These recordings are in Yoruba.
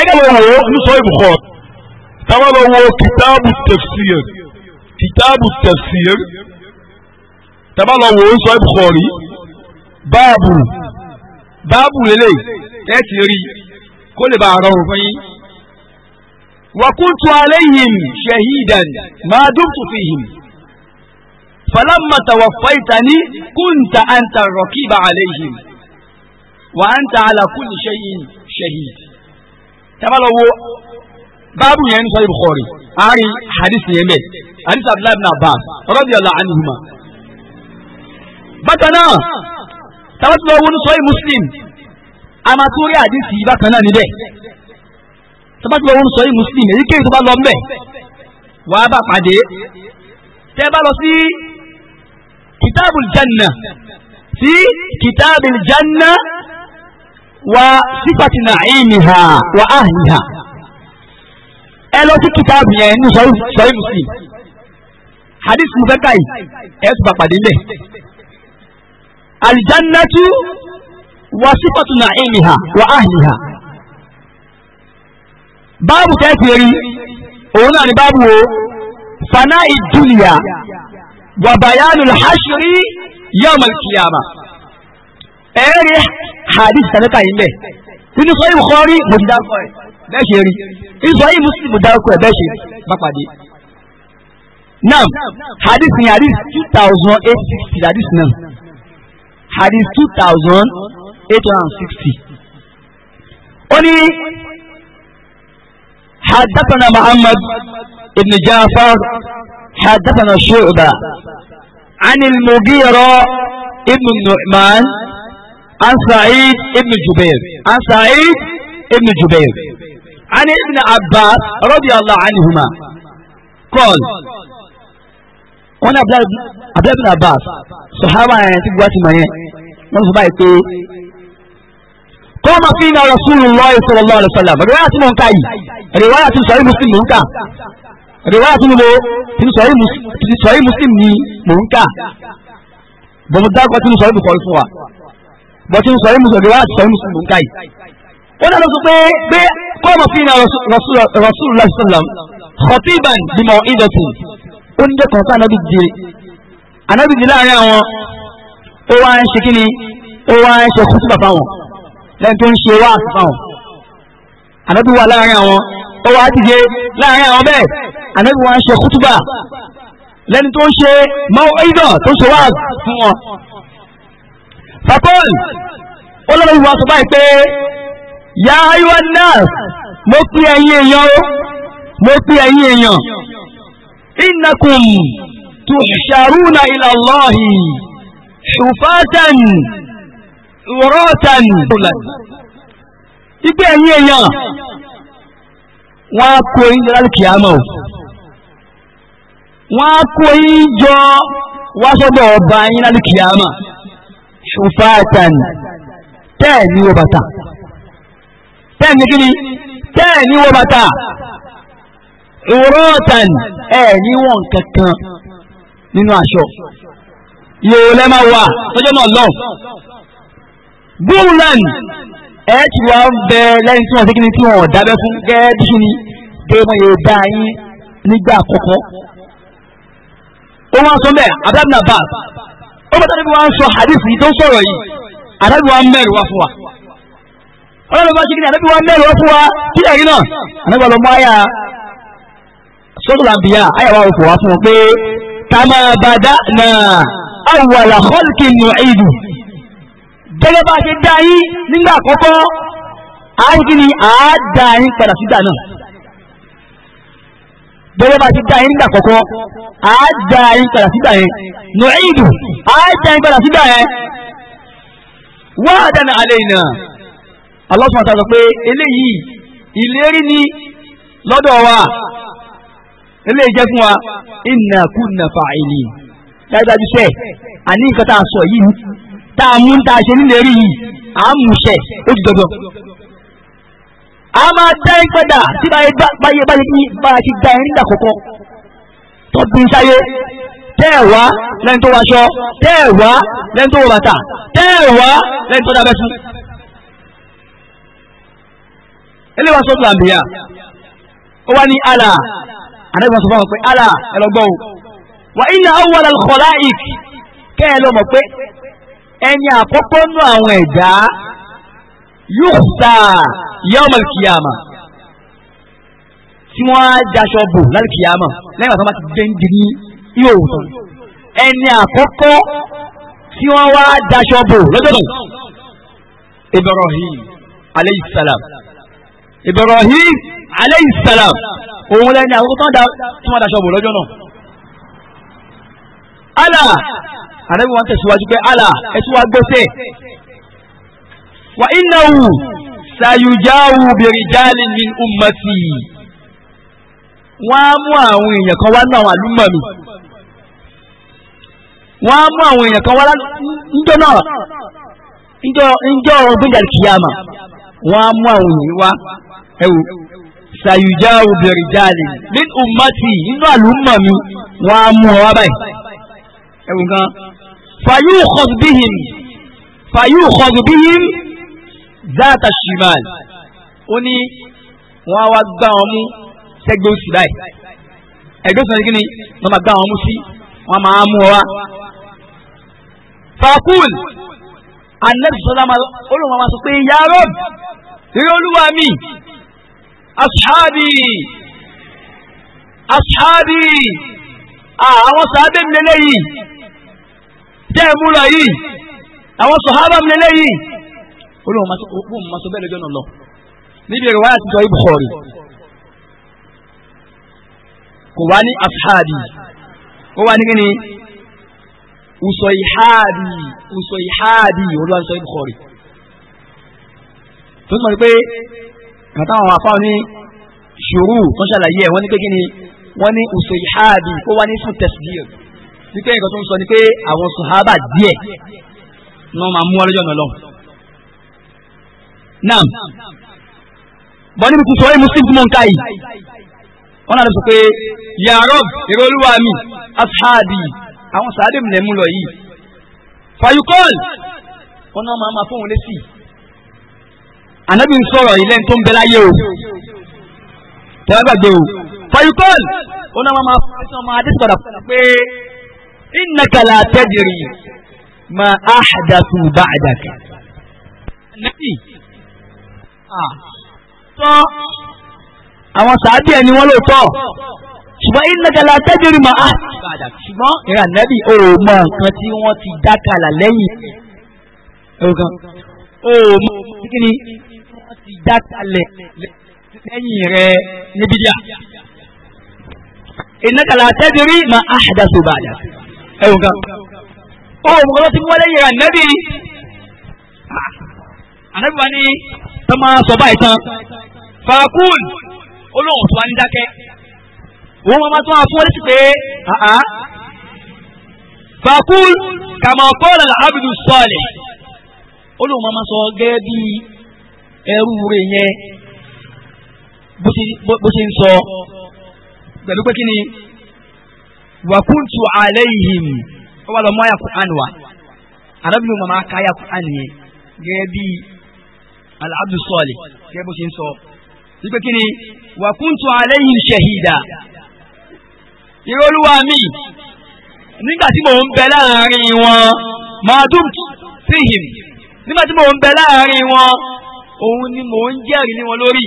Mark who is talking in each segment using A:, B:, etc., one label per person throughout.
A: ẹgbẹ́ lọ wo ní sọ ibùkọ́ táwọn lọ wo kìtáàbù tafsir kìtáàbù tafsir táwọn lọ wo ní sọ ibùkọ́ rí báàbù báàbù lélẹ̀ ẹ ti rí kó lè bá a rọrùn fún yín. وكنت عليهم شهيدا ما دمت فيهم فلما توفيتني كنت أنت الرقيب عليهم وأنت على كل شيء شهيد tẹ́fà lọ wo báàbù yẹn ń sọ Bukhari àárín hadith yẹn bẹ́ẹ̀ hadith abdullahi ibn abbas radiyallahu anhuma. bákan náà tẹ́fà lọ wo ní sọ muslim amatúrí hadith yìí bákan náà níbẹ̀ tẹ́fà lọ wo ní sọ muslim èyíkéyìí tó bá lọ mbẹ̀ wàá bá pàdé tẹ́fà janna sí kitabul janna wa sífàtì nàìmíhà wa ahliha ẹ lọ sí kìtàbù yẹn ní sọrí muslim hadith mo fẹ́ ká yìí ẹ tún bá pàdé lẹ̀ alijannatu wa sífàtì nàìmíhà wa ahliha báàbù tẹ́sìrì òun náà ni báàbù o fana ìdúnìyà wàbàyánu làhásírì yawmal qiyamah ẹ̀ẹ́rì hadith sanata yìí mẹ́ nínú sọ́yìn Bukhari mo ti dárúkọ ẹ̀ bẹ́ẹ̀ ṣe rí nínú sọ́yìn Muslim mo dárúkọ ẹ̀ bẹ́ẹ̀ ṣe bá pàdé. hadith ni hadith two thousand eight sixty hadith náà hadith two thousand eight hundred and sixty. ó ní حدثنا محمد بن جعفر حدثنا شعبة عن المغيرة ابن النعمان عن سعيد ابن جبير عن سعيد ابن جبير عن ابن عباس رضي الله عنهما قال وانا عبد ابن عباس صحابة يعني تبواتي ما ونصبع قام فينا رسول الله صلى الله عليه وسلم رواية من كاي، رواية صحيح مسلم منكا رواية منه صحيح مسلم منكا بمدار قتل صحيح بخاري bọ́tí ń sọ yín mùsùlùmí wá àti sọ yín mùsùlùmí nǹka yìí. ó dáná sọ pé pé kọ́ọ̀mù fi na rasulullah sallam khatiban bímọ ìdọ̀tún ó ní dẹ́kun sí anábì dìde anábì dìde láàrin àwọn ó wá ń ṣe kí ni ó wá ń ṣe kútùbà fáwọn lẹ́yìn tó ń ṣe wá àti fáwọn anábì wà láàrin àwọn ó wá dìde láàrin àwọn bẹ́ẹ̀ anábì wá ń ṣe kútùbà lẹ́ni tó ń ṣe mọ́ ìdọ̀ tó ń ṣe wá fún wọn. fakọ́ọ̀lù olóòwò wa sọ báyìí pé ya ayúwa náà mo pè ẹ̀yin èèyàn o mo pè ẹ̀yin èèyàn innakum ila Allahi hufatan uratan ìgbé ẹ̀yin èèyàn wọ́n á kó yín lọ́lá kìámọ̀ o wọ́n á kó yín jọ ọba yín ṣùfàtàn tẹ́ẹ̀ ní wọ bàtà tẹ́ẹ̀ ní kíni tẹ́ẹ̀ ní wọ bàtà ìrọ́tàn ẹ̀ ní wọn kankan nínú aṣọ yòó lẹ́mà wà lọ́jọ́ náà lọ búrúlan ẹ̀ ti wá ń bẹ lẹ́yìn tí wọ́n ti kíni tí wọ́n dábẹ́ fún gẹ́gẹ́ bí kíni démọ̀ yóò dá yín nígbà àkọ́kọ́ ó wá sọ bẹ́ẹ̀ abdulhamid abbas ó bá tẹ́lẹ̀ bí wọ́n á sọ hadith yìí tó ń sọ̀rọ̀ yìí àdábì wa mẹ́rin wá fún wa ọlọ́run bá ṣe kí ni àdábì wa mẹ́rin wá fún wa kí ẹ̀rí náà àdábì ọlọ́mọ àyà sọ́dọ̀lá bíyà àyà wa kò wá fún wọn pé kàmá bàdá náà awwala khalqin nu'idu gẹ́gẹ́ bá ṣe dá yín nígbà àkọ́kọ́ àá kí ni àá dá yín padà sí dà náà. bẹ́ẹ̀ bá ti dá yín nígbà kọ̀kọ́ á dá yín padà sígbà yẹn nù ìdù á dá yín padà sígbà yẹn wá àdáni alẹ́ iná Allah subhanahu wa sọ pé eléyìí ìlérí ni lọ́dọ̀ wa eléyìí jẹ́ fún wa na kunna fa'ilin dájúdájú sẹ́ àní nǹkan tá a sọ yìí tá a mú tá a ṣe nílérí yìí à ń a máa dá yín padà tí báyé báyé báyé kí báyé ti dá yín nígbà kọ̀ọ̀kan tó bí sáyé tẹ́ ẹ̀ wá lẹ́ni tó waṣọ tẹ́ ẹ̀ wá lẹ́ni tó wọ bàtà tẹ́ ẹ̀ wá lẹ́ni tó dábẹ́ fún. eléwà sọ́dọ̀ àbíyá ó wá ní àlà àdébà sọ fún pé àlà ẹ lọ gbọ́ o wà inna awwal al-khalaiq kẹ́ ẹ lọ mọ̀ pé ẹni àkọ́kọ́ nú àwọn ẹ̀dá yóòkúta yawm al-qiyamah tí wọ́n á daṣọ bò lálùkìyàmà lẹ́yìn àtàwọn ti dẹ́ndì ní ihò òtọ́ ẹni àkọ́kọ́ tí wọ́n wá daṣọ bò lọ́jọ́ náà Ibrahim alayhi salam Ibrahim alayhi salam òun lẹ́ni àkọ́kọ́ tí wọ́n daṣọ bò lọ́jọ́ náà. Allah àrẹ́wọ̀n tẹ̀síwájú pé Allah ẹ̀sùn wa gbọ́sẹ̀ wa innahu sayujawu birijalin min ummati wọ́n á mú àwọn èèyàn kan wá ní àwọn àlùmọ̀ mi wọ́n á mú àwọn èèyàn kan wá níjọ́
B: náà
A: níjọ́ ọgbẹ́jà kìyàmà wọ́n á mú àwọn èèyàn wá ẹ̀wò sayujawu birijalin min ummati nínú àlùmọ̀ mi wọ́n á mú ọ báyìí ẹ̀wò gan fayukhadh bihim fayukhadh bihim zaata shimal ó ní wọn á wá gbá wọn mú sẹgbẹ oṣù báyìí ẹgbẹ oṣù náà kíni wọn máa gbá wọn mú sí wọn máa mú ọ wá. fakul anabi sọlá ma olùwọ́n máa sọ pé ya Rabb rí olúwa mi ashabi ashabi àwọn sàábẹ̀ mi lélẹ́yìí jẹ́ ìmúra yìí àwọn sàhábà mi lélẹ́yìí olóhùn máa sọ bẹ́ẹ̀ lọ́jọ́ náà lọ níbi ẹ̀rọ wáyà títọ́ ibùkọ̀rì kò wá ní afhadi ó wá ní kí ni usọ ìhádì usọ ìhádì olúwa sọ ibùkọ̀rì tó sọ pé kàtà àwọn afáwọn ní ṣòro tó ṣàlàyé ẹ̀ wọ́n ní pé kí ni wọ́n ní usọ ìhádì ó wá ní fún tẹ̀sídìr wípé nǹkan tó ń sọ ni pé àwọn sọ̀hábà díẹ̀ ni wọ́n máa mú ọlọ́jọ́ náà lọ́wọ́ naam bọ́ níbi kùsùn ọ̀rẹ́ muslim tí mo ń ká yìí wọ́n náà lọ sọ pé ya Rabb èrò olúwa mi asáàdì àwọn sàádé mi nẹ̀mú lọ yìí fayukọ́l wọn náà máa ma fóun lẹ́sì ànábì ń sọ̀rọ̀ ilé tó ń bẹ láyé o tẹ̀wé gbàgbé o fayukọ́l wọn náà máa fún ẹsẹ̀ ọmọ adéṣe padà pé innaka la tadri ma ahdathu ba'daka tọ́ àwọn sàábì ẹni wọ́n ló tọ́ ṣùgbọ́n ìnagàlà tẹ́jọ́rì mà á. ṣùgbọ́n ìrìn ànábì ò mọ nǹkan tí wọ́n ti dákàlà lẹ́yìn ọ̀gán ò mọ kí ni wọ́n ti dákàlẹ̀ lẹ́yìn rẹ̀ níbi díà. ìnagàlà tẹ́jọ́rì mà á àdásù bàdà ọ̀gán ò mọ kí wọ́n ti mú lẹ́yìn ànábì. Ah. ànábì wa ni. tó máa sọ báyìí tán fakul olóhùn tó wá ní dákẹ́ wọ́n máa tún wá fún ọ létí pé fakul kama qala al-abdu salih olóhùn máa sọ gẹ́gẹ́ bí ẹrú rẹ̀ yẹn bó ṣe ń sọ pẹ̀lú pé kí ni wàkúntù alayhim ó wà lọ mọ́ àyà wa arábìnrin yẹn al-abdu salih kẹ́ bó ṣe ń sọ wípé kí ni wa kuntu alayhim shahida ìrọ̀lúwa mi nígbà tí mò ń bẹ láàrin wọn madum fihim nígbà tí mò ń bẹ láàrin wọn òun ni mò ń jẹ́rìí ní wọn lórí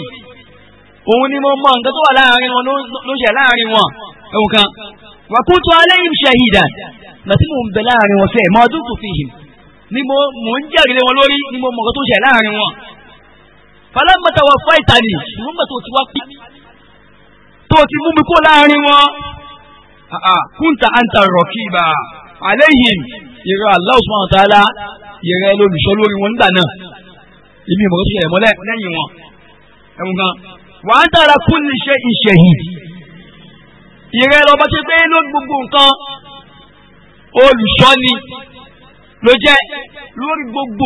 A: òun ni mo mọ nǹkan tó wà láàrin wọn ló ṣe láàrin wọn ẹ̀wọ̀n kan wa kuntu alayhim shahida nígbà tí mò ń bẹ láàrin wọn sẹ́ẹ̀ madum fihim ni mo ń jẹ́rìí ní wọn lórí ni mo mọ nǹkan tó ṣe láàrin wọn falamata wa faitani ṣùgbọ́n gbà tó ti wá pí tó ti mú mi kó láàrin wọn kúnta anta rọkìbà alayhim ìrẹ Allah subhanahu wa ta'ala ìrẹ lólùṣọ́ lórí wọn nígbà náà ibi ìmọ̀ tó ṣẹlẹ̀ mọ́lẹ̀ lẹ́yìn wọn ẹ̀wọ̀n kan wa anta ala kulli shay'in shahid ìrẹ lọ́ba ṣe pé lórí gbogbo nǹkan olùṣọ́ ni ló jẹ́ lórí gbogbo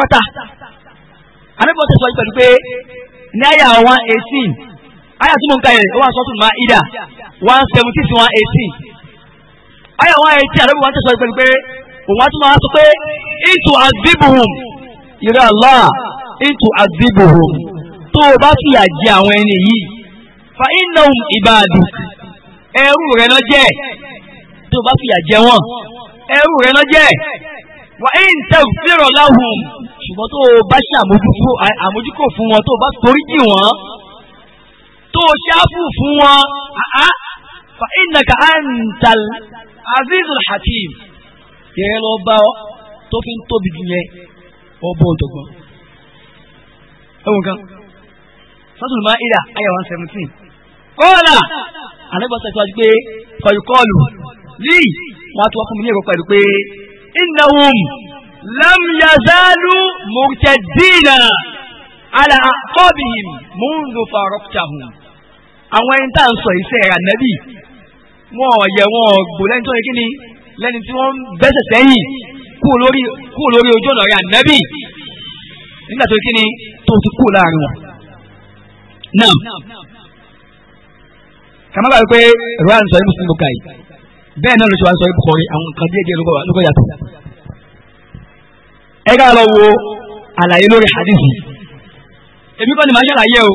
A: pátápátá. anábìbọ̀ tẹ̀síwájú pẹ̀lú pé ní àyà one eighteen àyà tí mo ń ka yẹn ó sọ́tún máa ìdá one seventeen sí one eighteen àyà one eighteen anábìbọ̀ tẹ̀síwájú pẹ̀lú pé òun á tún máa sọ pé into azibuhum ìrẹ́ Allah into azibuhum tó o bá fìyà jẹ àwọn ẹni yìí fa innahum ibadu ẹrú rẹ lọ jẹ tó o bá fìyà jẹ wọn ẹrú rẹ jẹ wa in taghfir lahum. ṣùgbọ́n tó o bá ṣàmójúkò àmójúkò fún wọn tó o bá torí jì wọ́n tó o ṣáàbù fún wọn fa innaka antal azizul hakim yẹn lọ bá ọ tó fi ń tóbi jù yẹn ọbọ ọdọgbọn. ẹwọn kan sọ́tún máa ìdá ayé one seventeen kọ́ọ̀là àlẹ́gbọ́sẹ̀ tó wá sí pé kọ̀yùkọ́ọ̀lù lì wọ́n á tún wá fún mi ní ẹ̀kọ́ pẹ̀lú pé innahum. لم يزالوا murtaddina على aqabihim منذ faraqtahum àwọn ẹni tá à ń sọ iṣẹ́ ànábì wọn ò yẹ wọn ò gbò lẹ́ni tó yẹ kí ni lẹ́ni tí wọ́n ń bẹ́sẹ̀ sẹ́yìn kú lórí ojú ọ̀nà rẹ̀ ànábì nígbà tó yẹ kí ni tó ti kú láàrin wọn. náà kàmá bàbá pé sọ yìí mùsùlùmí yìí bẹ́ẹ̀ náà ló ṣe wá sọ yìí bùkọ́rí àwọn nǹkan díẹ̀ díẹ̀ ló kọ́ yàtọ̀ ẹ ká lọ wo àlàyé lórí hadithi èmi kọ́ ni màá ṣàlàyé o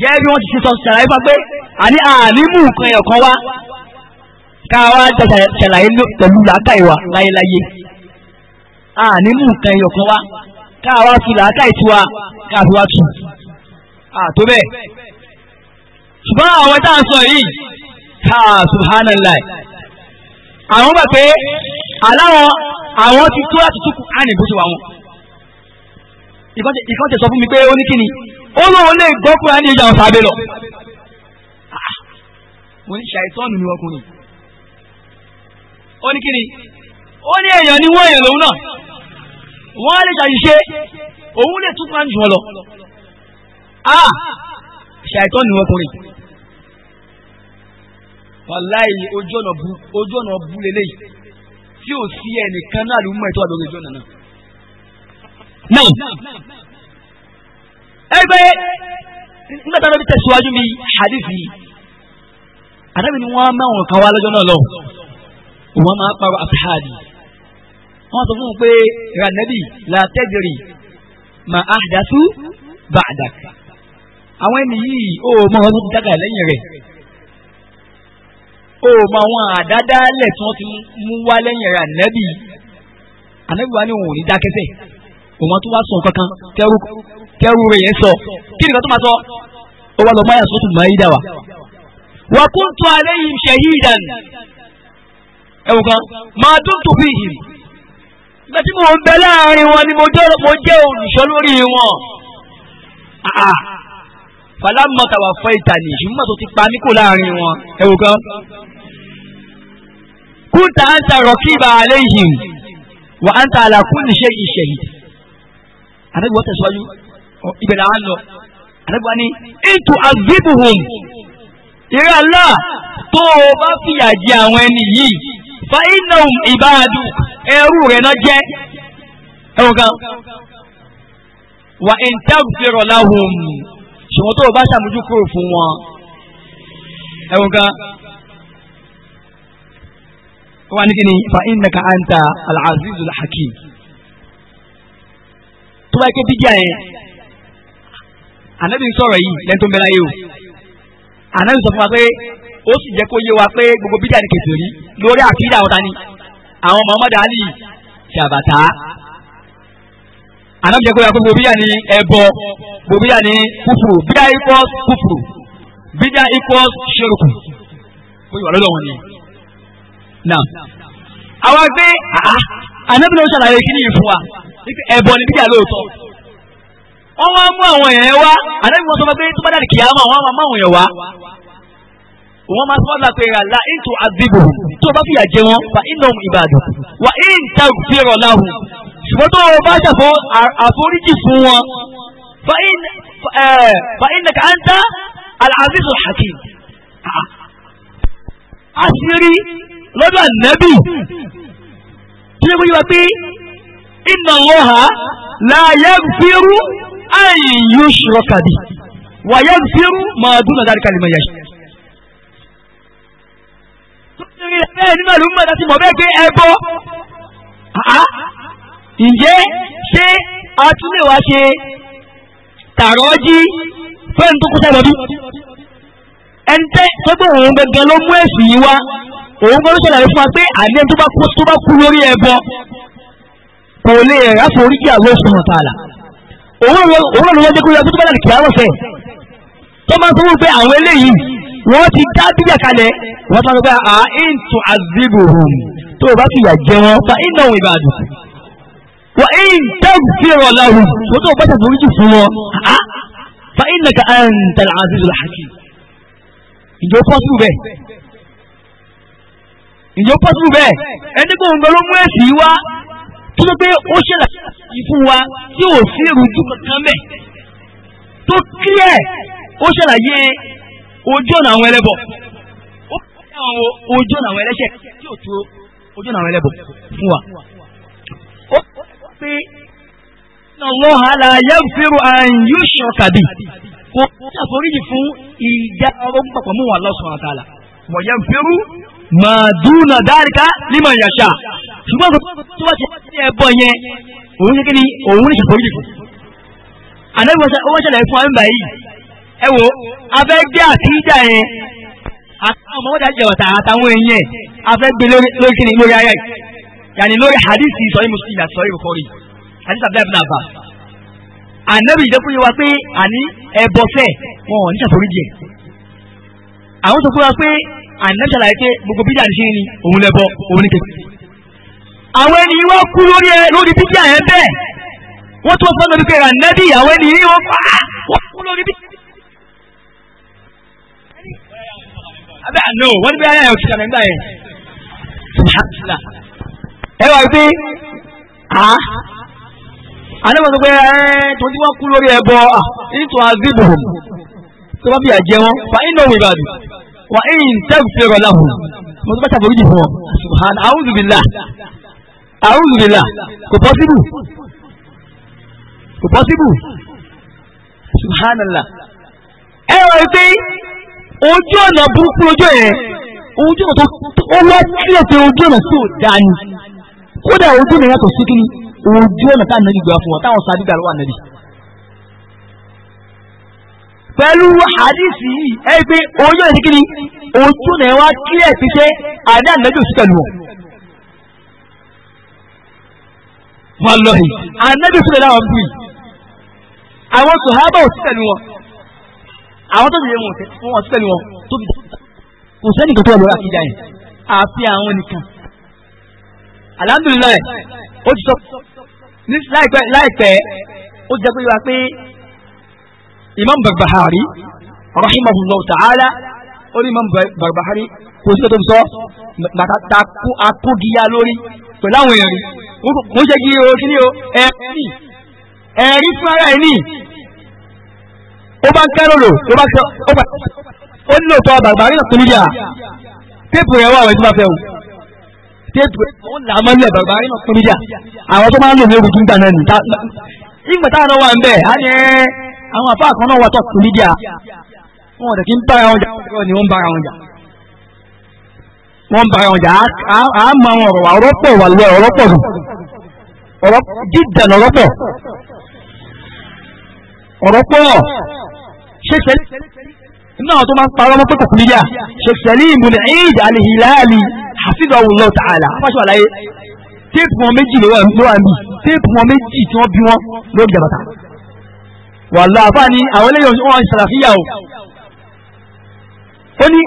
A: gẹ́gẹ́ bí wọ́n ti ṣe sọ ṣàlàyé fún wa pé àní àlímù kan ẹ̀kọ́ wa ká wá ṣàlàyé pẹ̀lú làákàyè wa láyéláyé ànímù kan ẹ̀kọ́ wa ká wá fi làákàyè tiwa ká fi wá tù àtó bẹ́ẹ̀ ṣùgbọ́n àwọn tá à sọ yìí ha subhanallah àwọn gbà pé aláwọ̀ àwọn ti tó láti túkù àní bó ti wà wọn. ìkan tẹ sọ fún mi pé ó ní kíni ó lóun lè gbọ́ kúrò ní ìjà ọ̀sà abẹ mo ní ṣàìtọ́nù ni ọkùnrin. ó ní kíni ó ní èèyàn ní wọ́n èèyàn lòun náà wọ́n á lè ṣàṣìṣe òun lè tún máa ń jù wọn lọ. a ṣàìtọ́ ni ọkùnrin. ojú ọ̀nà bu lélẹ́yìí tí ò sí ẹnìkan náà ló mú ẹ̀tọ́ àdókè jọ nànà. náà ẹgbẹ́ nígbà tí wọ́n ti tẹ̀síwájú mi hadithi àdàbí ni wọ́n máa wọn kan wá lọ́jọ́ náà lọ wọ́n máa parọ́ àfihàdì wọ́n sọ fún un pé ranabi la tadri ma ahdathu ba'dak àwọn ẹni yìí ó mọ ọdún dákà lẹ́yìn rẹ̀ o mọ àwọn àdádálẹ̀ tí wọ́n ti mú wá lẹ́yìn rẹ̀ ànábì ànábì wa ni òun ò ní dákẹ́sẹ̀ òun tó wá sọ kankan kẹrù kẹrù rẹ̀ yẹn sọ kí nìkan tó máa sọ ó wá lọ máyà sọ́tù máyídà wa. wà á kún tó alẹ́ yìí ṣẹ̀yídàn ẹ̀wọ̀n kan máa dún tó fi yìí nígbà tí mo ń bẹ láàrin wọn ni mo jẹ́ olùṣọ́ lórí wọn falamọ tàwa fọ ìtàní ìṣúmọ tó ti pa mí kò láàrin wọn ẹwù kan kúta à ń ta rọ̀kìbà aléhìn wà á ń ta àlàkùnrin ṣe ìṣẹ̀yìn. àdàbí wọ́n tẹ̀síwájú ibẹ̀ là ń lọ àdàbí wọ́n ní ètò àgbébùhùn ìrẹ́ àlá tó o bá fìyà jẹ àwọn ẹni yìí fa iná ìbáradù ẹrú rẹ̀ náà jẹ́ ẹ̀wọ̀n kan wà ń tẹ́gùfẹ́rọ̀ láhùn ṣùgbọ́n tó o bá ṣàmójú kúrò fún wọn kan wọ́n ní kíni fa innaka anta al-azizul hakim tó bá yẹ kó bíjà yẹn ànábì ń sọ̀rọ̀ yìí lẹ́nu tó ń bẹ láyé o ànábì sọ fún wa pé ó sì jẹ́ kó yé wa pé gbogbo bíjà ni kèfèrí lórí àkídà àwọn tani àwọn Muhammad Ali Jabata ànábì jẹ́ kó yà pé gbogbo bíjà ni ẹbọ gbogbo bíjà ni kúfùrù bíjà equals kúfùrù bíjà equals ṣerùkù kó yọ lọ́dọ̀ wọn ni. náà àwa gbé ànábì ló ṣàlàyé kíní yìí fún wa ẹ̀bọ̀n ni bíjà lóòótọ́ wọn sọ pé tó bá dàdí kìyàmọ́ wọ́n máa mú àwọn to wá wọ́n máa sọ́ọ́ la pé àlá ètò àdìbò tó o bá fìyà jẹ wọn fa inom ìbàdàn wà ta fìrọ̀ láhùn ṣùgbọ́n tó o bá ṣàfọ́ àforíjì fún wọn fa anta al-azizul hakim lọ́dọ̀ ànábì tí ó gbéjọba pé inna Allaha la yaghfiru an yushraka bihi wa yaghfiru ma duna dhalika liman yasha. bẹ́ẹ̀ ni màlúù mọ̀ láti mọ̀ bẹ́ẹ̀ pé ẹ bọ́ ǹjẹ́ ṣé a tún lè wá ṣe tààrọ̀ jí fẹ́ẹ̀ tó kó sábà bí tẹ́ tó òun gangan ló mú èsì yìí wá òun gbọ́dọ̀ ṣàlàyé fún wa pé àlẹ́ tó bá kú tó bá kú lórí ẹbọ kò lè ráfò orí kí Allah subhanahu wa ta'ala òun ló wọ́n jẹ́ kó yọ tó tó bá dàrí kí àwọn fẹ́ tó máa sọ wípé àwọn eléyìí wọ́n ti dá bíjà kalẹ̀ wọ́n tó bá a in tu'azzibuhum tó o bá ti yà jẹ wọn fa innahum ibaduk wa in taghfir lahum tó tó o bá ṣàtúnrí jù fún wọn fa innaka antal azizul hakim ìjọ pọ́sibú ǹjẹ́ ó pọ́sibú bẹ́ẹ̀ ẹni kò ń bẹ ló mú ẹ̀sìn yìí wá tó ló pé ó ṣẹlẹ̀ fún wa tí ò sí ìrújú kankan bẹ̀ tó kílẹ̀ ó ṣàlàyé ojú ọ̀nà àwọn ẹlẹ́bọ̀ ó ṣàlàyé ojú ọ̀nà àwọn ẹlẹ́ṣẹ̀ tí ò tó ojú ọ̀nà àwọn ẹlẹ́bọ̀ fún wa. ó pé Allah la yaghfiru an yushraka bihi kò ṣàforíjì fún ìjà ọgbọ́n pàpọ̀ mú wa Allah subhanahu wa ta'ala wa màdúnà dáríká límọ̀ yàṣà ṣùgbọ́n tó bá ti ṣe ẹbọ yẹn òun ṣe kí ni òun ní ṣàforí jù fún. àdébò ó wọ́n ṣẹlẹ̀ fún wa nígbà yìí ẹ wo abẹ́ gbé àtijọ́ yẹn àtàwọn ọmọ wọn dájẹ́ ọ̀tà àtàwọn èèyàn yẹn abẹ́ gbé lórí kí ni lórí ayé yàní lórí hadithi sọ yìí Muslim àti sọ yìí Bukhari hadith abdulayi bin abba ànábì ìdẹ́kùn yẹn wa pé àní ẹbọ fẹ́ wọn ò ní ṣàforí jẹ àwọn sọ fún wa pé ànẹ́sàlà yìí pé gbogbo bídíà ní sinmi ni òun lẹ́bọ òun ní kejì. àwọn ènìyàn wọ́n kú lórí ẹ lórí bídíà yẹn bẹ́ẹ̀ wọ́n tún fọ́n lórí pé ànẹ́bí ìyàwó ènìyàn wọ́n kú lórí bídíà. abẹ́ àná o wọ́n ní bí ayé ayé òṣìṣẹ́ nígbà yẹn. ẹ wà pé a àlẹ́ wọn sọ pé ẹ tó ti wọ́n kú lórí ẹbọ nítorí àzíbò tó bá bìyà jẹ wọn fa iná òun ìbàdàn wà á yìn tẹ́gùfẹ́rọ̀ láhùn mo tó bá ṣàforíjì fún ọ subhan ahuzubila
B: ahuzubila kò pọ́sibù
A: kò pọ́sibù subhanallah ẹ wọ pé ojú ọ̀nà burúkú ojú ẹ̀ ojú ọ̀nà tó wá kílẹ̀ pé ojú ọ̀nà tí ò dáa ni kódà ojú ọ̀nà yàtọ̀ sí kí ni ojú ọ̀nà táwọn nàbí gbà fún ọ táwọn sáà dígbà lọ́wọ́ nàbí pẹ̀lú hadisi yìí ẹ pé ojú ẹ̀ síkiri ojú náà wá kílẹ̀ ti ṣe àdá ànájò sí pẹ̀lú wọn. wàlọ́hì ànájò sí pẹ̀lú àwọn bíi àwọn sòhábà ò sí pẹ̀lú wọn àwọn tó ti yẹ wọn ò sí pẹ̀lú wọn tó fi kò sẹ́ni tó tó ọ̀lọ́rọ̀ àkíjà yẹn àfi àwọn nìkan. alhamdulilayi ó ti sọ láìpẹ́ ó ti jẹ́ pé wá pé imam barbahari rahimahullahu ta'ala ó ní imam barbahari kò sí tó sọ bàtà takú akógiya lórí pẹ̀lú àwọn èèyàn rí mo ṣe kí o kí ni o ẹ̀rí ẹ̀rí fún ara ẹ̀ ní ó bá ń kẹ́rò lò ó bá ń kẹ́rò ó nílò tọ́ barbahari náà tó níyà téèpù rẹ̀ wà àwọn ìdí bá fẹ́ o téèpù rẹ̀ là á mọ́lẹ̀ barbahari náà tó níyà àwọn tó máa ń lò ní orùdú ń gbà náà nì ìgbà táwọn wà ń bẹ̀ á ní ẹ́ àwọn àfáà kan náà wà tọ́tù mídíà wọn ọ̀dẹ̀ kí ń bára wọn jà wọn ni wọ́n ń bára wọn jà wọ́n ń bára wọn jà á mọ àwọn ọ̀rọ̀ wa ọ̀rọ̀ pọ̀ wà lọ ọ̀rọ̀ pọ̀ sùn ọ̀rọ̀ dídàn ọ̀rọ̀ pọ̀ ọ̀rọ̀ pọ̀ náà tó máa ń parọ́ mọ́ pé kòkòrò yá ṣe sẹ́lẹ̀ ìmùlẹ̀ eid alihilali hafizahullah ta'ala afáṣọ àlàyé téèpù wọn méjì ló wà níbi téèpù wọn méjì tí wọ́n bí wọn lórí jàbàtà wàlá àfáà ni àwọn eléyìí wọn sàlàfíyà o ó ní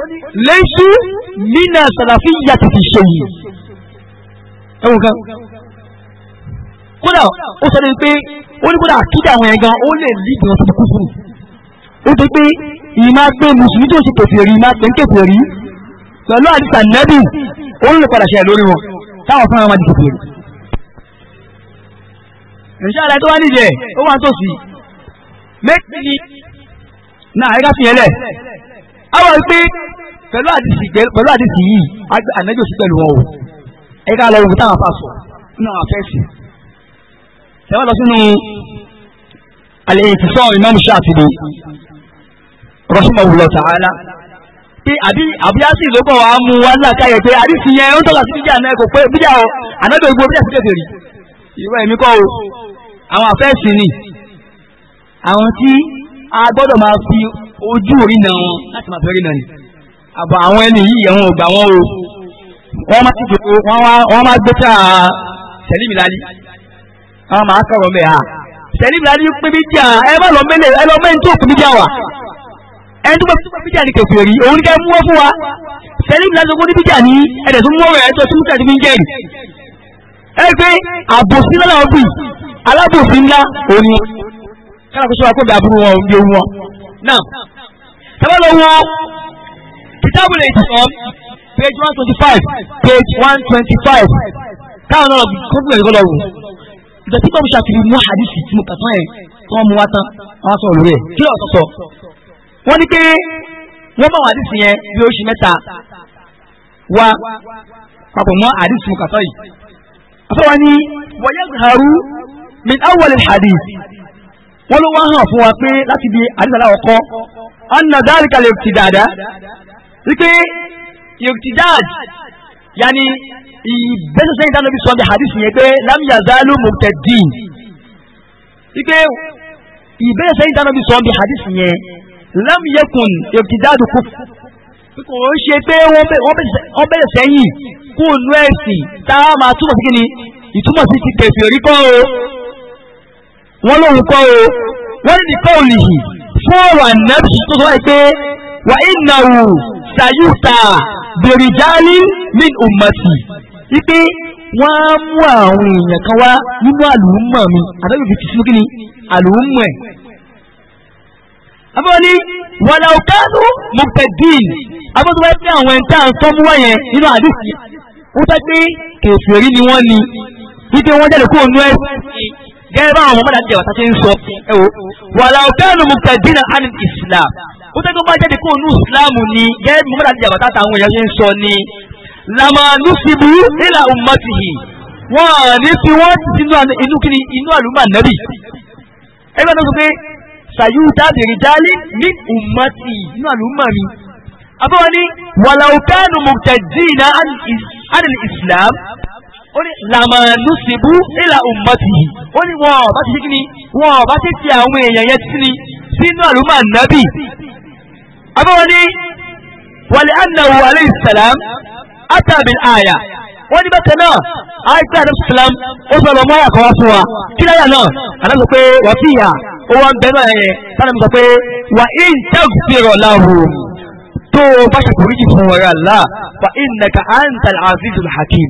A: lẹ́sù nínà sàlàfíyà ti fi ṣe yìí ẹ̀wọ̀n kan kódà ó sọ pé ó ní kódà kíjà àwọn yẹn gan ó lè lídìí wọn síbi kúfùrù ó ti pé ìmá gbé mùsùlùmí tó ṣe kèfèrí ìmá gbé ń kèfèrí pẹ̀lú àdìsá nẹ́bì ó ń lè padà ṣẹlẹ̀ lórí wọn táwọn fúnra wọn di kèfèrí. ìṣàlẹ̀ tó wá nídìí ẹ̀ ó wà ń tòsí méjì náà ẹ̀ka fi yẹn lẹ̀ àwọn ìpè pẹ̀lú àdìsí pẹ̀lú àdìsí yìí ànájì òsì pẹ̀lú wọn o ẹ̀ka lọ òkúta àwọn afáàsọ nínú àwọn afẹ́sì ṣẹ̀wọ́n lọ sínú alẹ́ ìfisọ́ Imam Shafi'i rahimahullah ta'ala pé àbí àbíyásí ló bọ̀ wá mú wa lákàyè pé àdìsí yẹn ń tọ́ka sí bíjà náà kò pé bíjà o ànájì ògbó bíjà sí kékeré ìwọ ẹ̀mí kọ́ o àwọn afẹ́sì ni àwọn tí a gbọ́dọ̀ máa fi ojú orí na wọn láti máa fẹ́rí náà ni àbọ̀ àwọn ẹni yìí àwọn ògbà wọn o wọ́n máa ti dòkó wọ́n máa gbé tá a sẹ́lí mi lálí àwọn máa sọ̀rọ̀ mẹ́ a sẹ́lí mi lálí pé bíjà ẹ má lọ mẹ́lẹ̀ ẹ lọ mẹ́ni tó kù bíjà wà ẹni tó bá bíjà ni kẹfù rí òun ni kẹ mú wọn fún wa sẹ́lí lálí tó ní bíjà ni ẹ̀dẹ̀ tó alábòsí ńlá òun kára kó sọ wa kó bẹ aburú wọn bí wọn. náà sábà lọ wọ kìtàbù lè sọ page one twenty five page one twenty five káwọn náà kókùnrin ẹ̀kọ́ lọ wò ìgbà tí bọ́ọ̀mù ṣàfihàn mú àdìsí tí mo kà ẹ̀ tí wọ́n mú wá tán wọ́n sọ lórí kí lọ́ọ̀ sọ. wọ́n ní pé wọ́n bá wọn àdìsí yẹn bí oṣù mẹ́ta wá papọ̀ mọ́ àdìsí mo kà yìí. àfọwọ́ ni wọ́n yẹ wọ́n ló wá hàn fún wa pé láti di àdìsálà ọkọ anna dhalika lè ti dàda wípé ìrìtìdáàd yanni ìgbésẹsẹ ìdáná bí sọdọ hadith yẹn pé lam yazalu mubtadin wípé ìgbésẹsẹ ìdáná bí sọdọ hadith yẹn lam yakun ìrìtìdáàd kù kò ṣe pé wọ́n bẹ̀rẹ̀ sẹ́yìn kúùnú ẹ̀sìn tá a máa túmọ̀ sí kí ni ìtúmọ̀ sí ti kẹfì orí kọ́ o wọ́n lóhun kọ́ o wọ́n ní nìkan ò lè yìí fún ọ̀rọ̀ ànábì tó sọ pé wà ìnáwó sàyúta bèrèjálí ní ummati wípé wọ́n á mú àwọn èèyàn kan wá nínú àlùmọ̀ mi àbẹ́bí fi tìṣú kí ni àlùmọ̀ ẹ̀. abọ́ni wàlà òkánú mọ̀tẹ́dín abọ́ni wọ́n pẹ́ àwọn ẹ̀ńtà tó mú wá yẹn nínú àdúgbò wọ́n fẹ́ pé kèfèrí ni wọ́n ni wípé wọ́n jáde kúrò nú
B: ẹ̀sìn
A: gẹ́gẹ́ bá àwọn ọmọdé àti ìjàwá tàbí ń sọ ẹ wo wàlá ọ̀gáàlù mùtàdínà àni islam ó tẹ́ tó bá jáde kó onú islam ni gẹ́gẹ́ bí ọmọdé àti ìjàwá tàbí àwọn èèyàn ṣe ń sọ ni lamanu sibu ila ummatihi wọn ní fi wọn sínú inú kiri inú àlùmọ́ ànábì ẹgbẹ́ náà sọ pé sayuda birijali ní ummati inú àlùmọ́ mi abẹ́wọ́n ní wàlá ọ̀gáàlù mùtàdínà àni islam ó ní làmàlúsìbú ìlà ummatihi ó ní wọn ọba ti ṣe kí ni wọn ọba ti ti àwọn èèyàn yẹn sí ni sínú àlùmọ́ ànábì abẹ́wọ́n ní wàlẹ̀ annahu alayhi salam atabil aya wọ́n ní bẹ́tẹ̀ náà àìsí àdébùsùlám ó sọ lọ mọ́ra kan wá fún wa kí láyà náà àdájọ pé wà fi ìyà ó ń bẹ náà yẹn sáré mi sọ pé wà in tẹ́gùsìrọ̀ láhù tó o bá ṣàkóríjì fún ọ̀rẹ́ àlá wà in nàka antal azizul hakim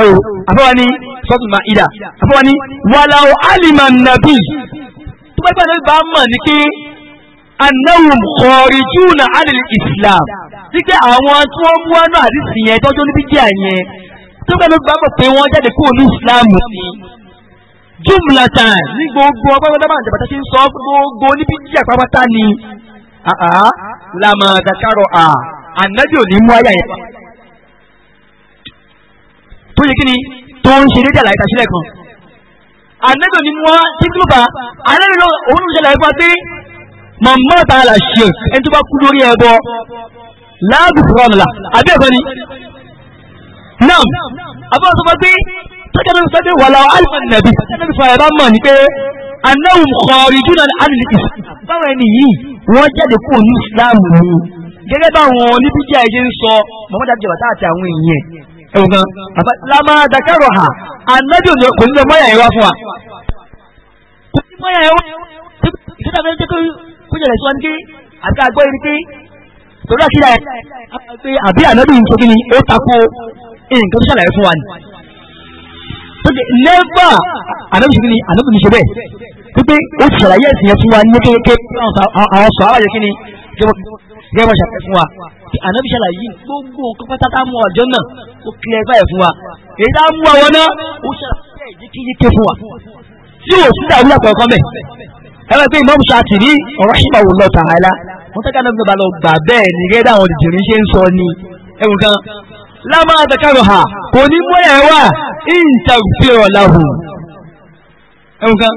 A: ẹ̀wò àfọwọ́ni sọ́tùmá ida, àfọwọ́ni wàláwọ̀ alìmọ̀ nàbí tó bá gbàdúrà bá mọ̀ ní pé anáwùm kọ̀ọ̀rìjúùnà islam sí pé àwọn tí wọ́n mú wánú àdìsí yẹn tọ́jú níbi díà yẹn tó gbàdúrà bá mọ̀ pé wọ́n jáde kúrò ní islam ni jumlatan ní gbogbo ọgbọ́n dábàá àti bàtà ṣe ń sọ gbogbo níbi díà pápátá ni àá làmà dàkárọ̀ à ànájò ní mú ayà yẹn pa tó yẹ kí ni tó ń ṣe déédéé àlàyé kan. ànágbè ni wọ́n ti kí ló bá ànágbè lọ òun ló ṣàlàyé fún pé màmá ta la ṣe ẹni tó bá kú lórí ẹbọ láàbù fúra ọ̀nà àbí ẹ̀kọ́ ni. nam àbúrò sọ fún pé tọ́jà náà sọ pé wàlá alifan nàbí nàbí fún ẹ̀rọ mọ̀ ni pé anáwó kharijuna alìlì báwọn ẹni yìí wọ́n jáde kúrò ní ìsìláàmù ni gẹ́gẹ́ báwọn oníbíjà ẹ̀jẹ̀ ń sọ mọ̀mọ́dá jẹ̀bàtà àti ẹ̀wọ̀n gan lamá dakaro ha anabi òní kò ní lọ mọ́yà ẹ̀wá fún wa. kò sí mọ́yà ẹ̀wá títà bẹ́ẹ̀ jẹ́ kó yẹlẹ̀ sí wa ní kí àti àgbọ̀ yìí kí torí àti ìyá ẹ̀ àbí anabi ń sọ́kí ni ó takò nǹkan tó ṣàlàyé fún wa ni. tóbi lẹ́gbà anabi sọ́kí ni anabi ń ṣe bẹ́ẹ̀ pípé ó ṣàlàyé ẹ̀sìn yẹn fún wa ní kékeré àwọn sọ̀rọ̀ àwọn yẹ kí ni gẹ́gẹ́ bá ṣàpẹ́ fún wa ànábì ṣàlàyé gbogbo nǹkan pátá mú ọjọ́ náà ó kílẹ̀ báyìí fún wa èyí tá a mú àwọn náà ó ṣàlàyé yékéyéké fún wa tí ò sí dàrú àpò ọkọ mẹ ẹ bá gbé ìmọ̀mù Ṣáàtìrí ọ̀rọ̀ ṣì máa wò lọ tààlà wọn tẹ́ka náà bá lọ gbà bẹ́ẹ̀ ni gẹ́gẹ́ dáwọn olùdìrí ṣe ń sọ ni ẹ̀wù kan lámà àtàkàrọ̀ hà kò ní mú ẹ̀ wá ìntàgbìrọ̀ làwù ẹ̀wù kan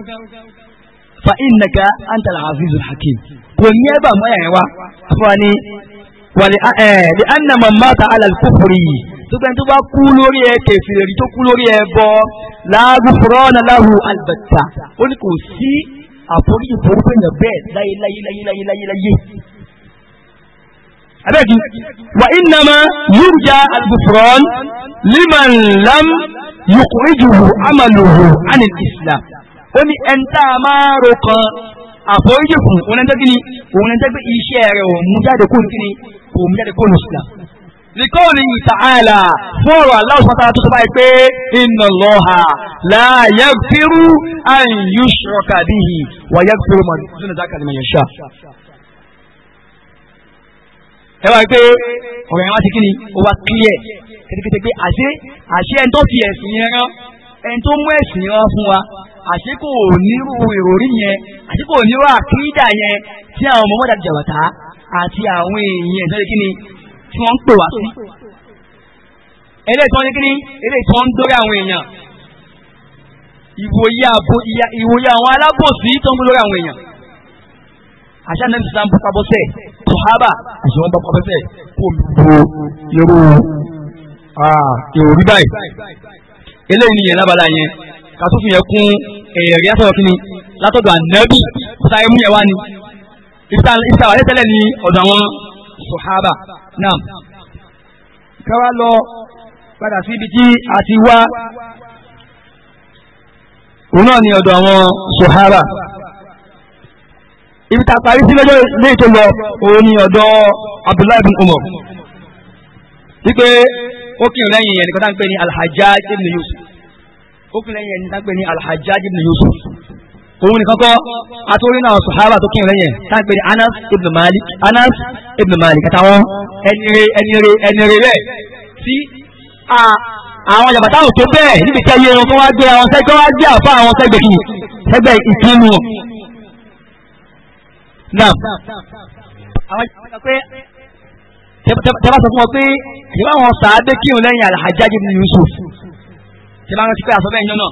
A: fa ìnàkà àǹtàlà àfíìsù hakim kò ní ẹ̀bà mọ́yà yẹn wá fún wa ní wàlẹ̀ ẹ̀ bí anamọ̀ mọ́ta alàlùkùfùrì tugbẹ́ tó bá kú lórí ẹ kẹfìrèrí tó kú lórí ẹ bọ́ láàgùfùrọ́ nàláhù àlùbàtà ó ní kò sí àforíjì forúkọ èèyàn láyé láyé láyé láyé láyé láyé. abẹ́gi wà ìnàmà yúrùjá àlùbùfùrọ́ liman lam yukurijuhu amaluhu anil islam ó ní ẹ̀ńtà máa ro kan àforíjì fún òun ẹjọ́ kí ni òun ẹjọ́ pé iṣẹ́ rẹ̀ ò jáde kó kí ni kò jáde kó lù sílá. Likọ́ọ̀lì ta'ala fún ọ̀rọ̀ Allah subhanahu tó báyìí pé inna Allaha la yaghfiru an yushraka bihi wa yaghfiru ma duna dhalika liman yasha. Ẹ wá pé ọ̀rọ̀ yẹn wá ti kí ni ó wá clear kẹ́tẹ́kẹ́tẹ́ pé àṣẹ àṣẹ ẹni tó fi ẹ̀sìn yẹn rán ẹni tó mú ẹ̀sìn yẹn rán fún wa àṣé kò nírú ìròrí yẹn àṣé kò nírú àkídà yẹn tí àwọn ọmọ mọ́dà jàbàtà àti àwọn èèyàn ìtọ́jú kí ni tí wọ́n ń pè wá sí. eléyìí tí wọ́n ní kí ni eléyìí tí wọ́n ń dórí àwọn èèyàn ìwòye àwọn alábòsí tó ń gbé àwọn èèyàn àṣà náà nìsan bó pabọ́sẹ̀ tòhábà àṣà wọn bá pabọ́sẹ̀ kó lu irú ìròrí báyìí eléyìí nìyẹn lábala yẹn kàtó fi yẹn kún ẹ̀rí àtọ̀dọ̀ kí ni látọ̀dọ̀ ànábì sáyé mú yẹn wá ni ìsàlẹ̀ àlẹ́ tẹ́lẹ̀ ní ọ̀dọ̀ àwọn sọ̀hábà náà. káwá lọ padà sí ibi tí a ti wá òun náà ní ọ̀dọ̀ àwọn sọ̀hábà ibi tá a parí sí lọ́jọ́ ilé tó lọ òun ní ọ̀dọ̀ Abdullahi bin Umar wípé ó kí n lẹ́yìn ẹnìkan tá à ń pè ní al ibn Yusuf ó kún lẹ́yìn ẹni tápẹ́ ní Al-Hajjaj ibn Yusuf òun nìkan kọ́ àtòrí náà sàhábà tó kírun lẹ́yìn tápẹ́ ní Anas ibn Malik Anas ibn Malik àtàwọn ẹnire ẹnire ẹnire rẹ̀ tí àwọn jàbàtà ò tó bẹ́ẹ̀ níbi tí ayé wọn kó wá gbé àwọn sẹ́gbẹ́ wá gbé àfa àwọn sẹ́gbẹ́ kì í sẹ́gbẹ́ ìkínu wọn. náà àwọn jàbàtà pé tẹ́bá sọ fún wọn pé ìwà àwọn sàábé kírun lẹ́yìn Al-Hajjaj ibn Yusuf tí bá rántí pé àsọ bẹ́ẹ̀ yán náà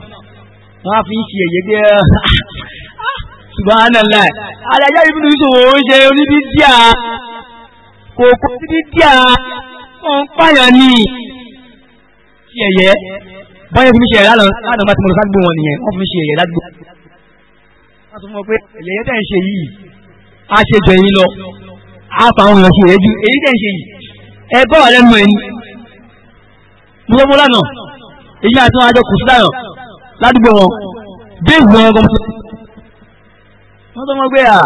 A: wọ́n á fi ń ṣe èyí pé eh, subhanallah alájà ibùdó ìṣòwò ń ṣe oníbí díà kò kó síbí díà wọ́n ń pààyàn ní ṣe ẹ̀yẹ báyọ̀ fi mi ṣe ẹ̀yẹ lánàá bá ti mọ̀ lọ ságbó wọn nìyẹn wọ́n fi mi ṣe ẹ̀yẹ lágbó. wọ́n tún mọ̀ pé ẹ̀yẹ tẹ̀ ń ṣe yìí a ṣe jọ yín lọ a fa àwọn èèyàn ṣe ẹ̀yẹ ju èyí tẹ̀ ń ṣe yìí ẹ bọ́ èyí àti wọn àjọ kù sí láyọ̀ ládùúgbò wọn dé ìwọ ọgọ mọ. wọ́n tó mọ̀ pé à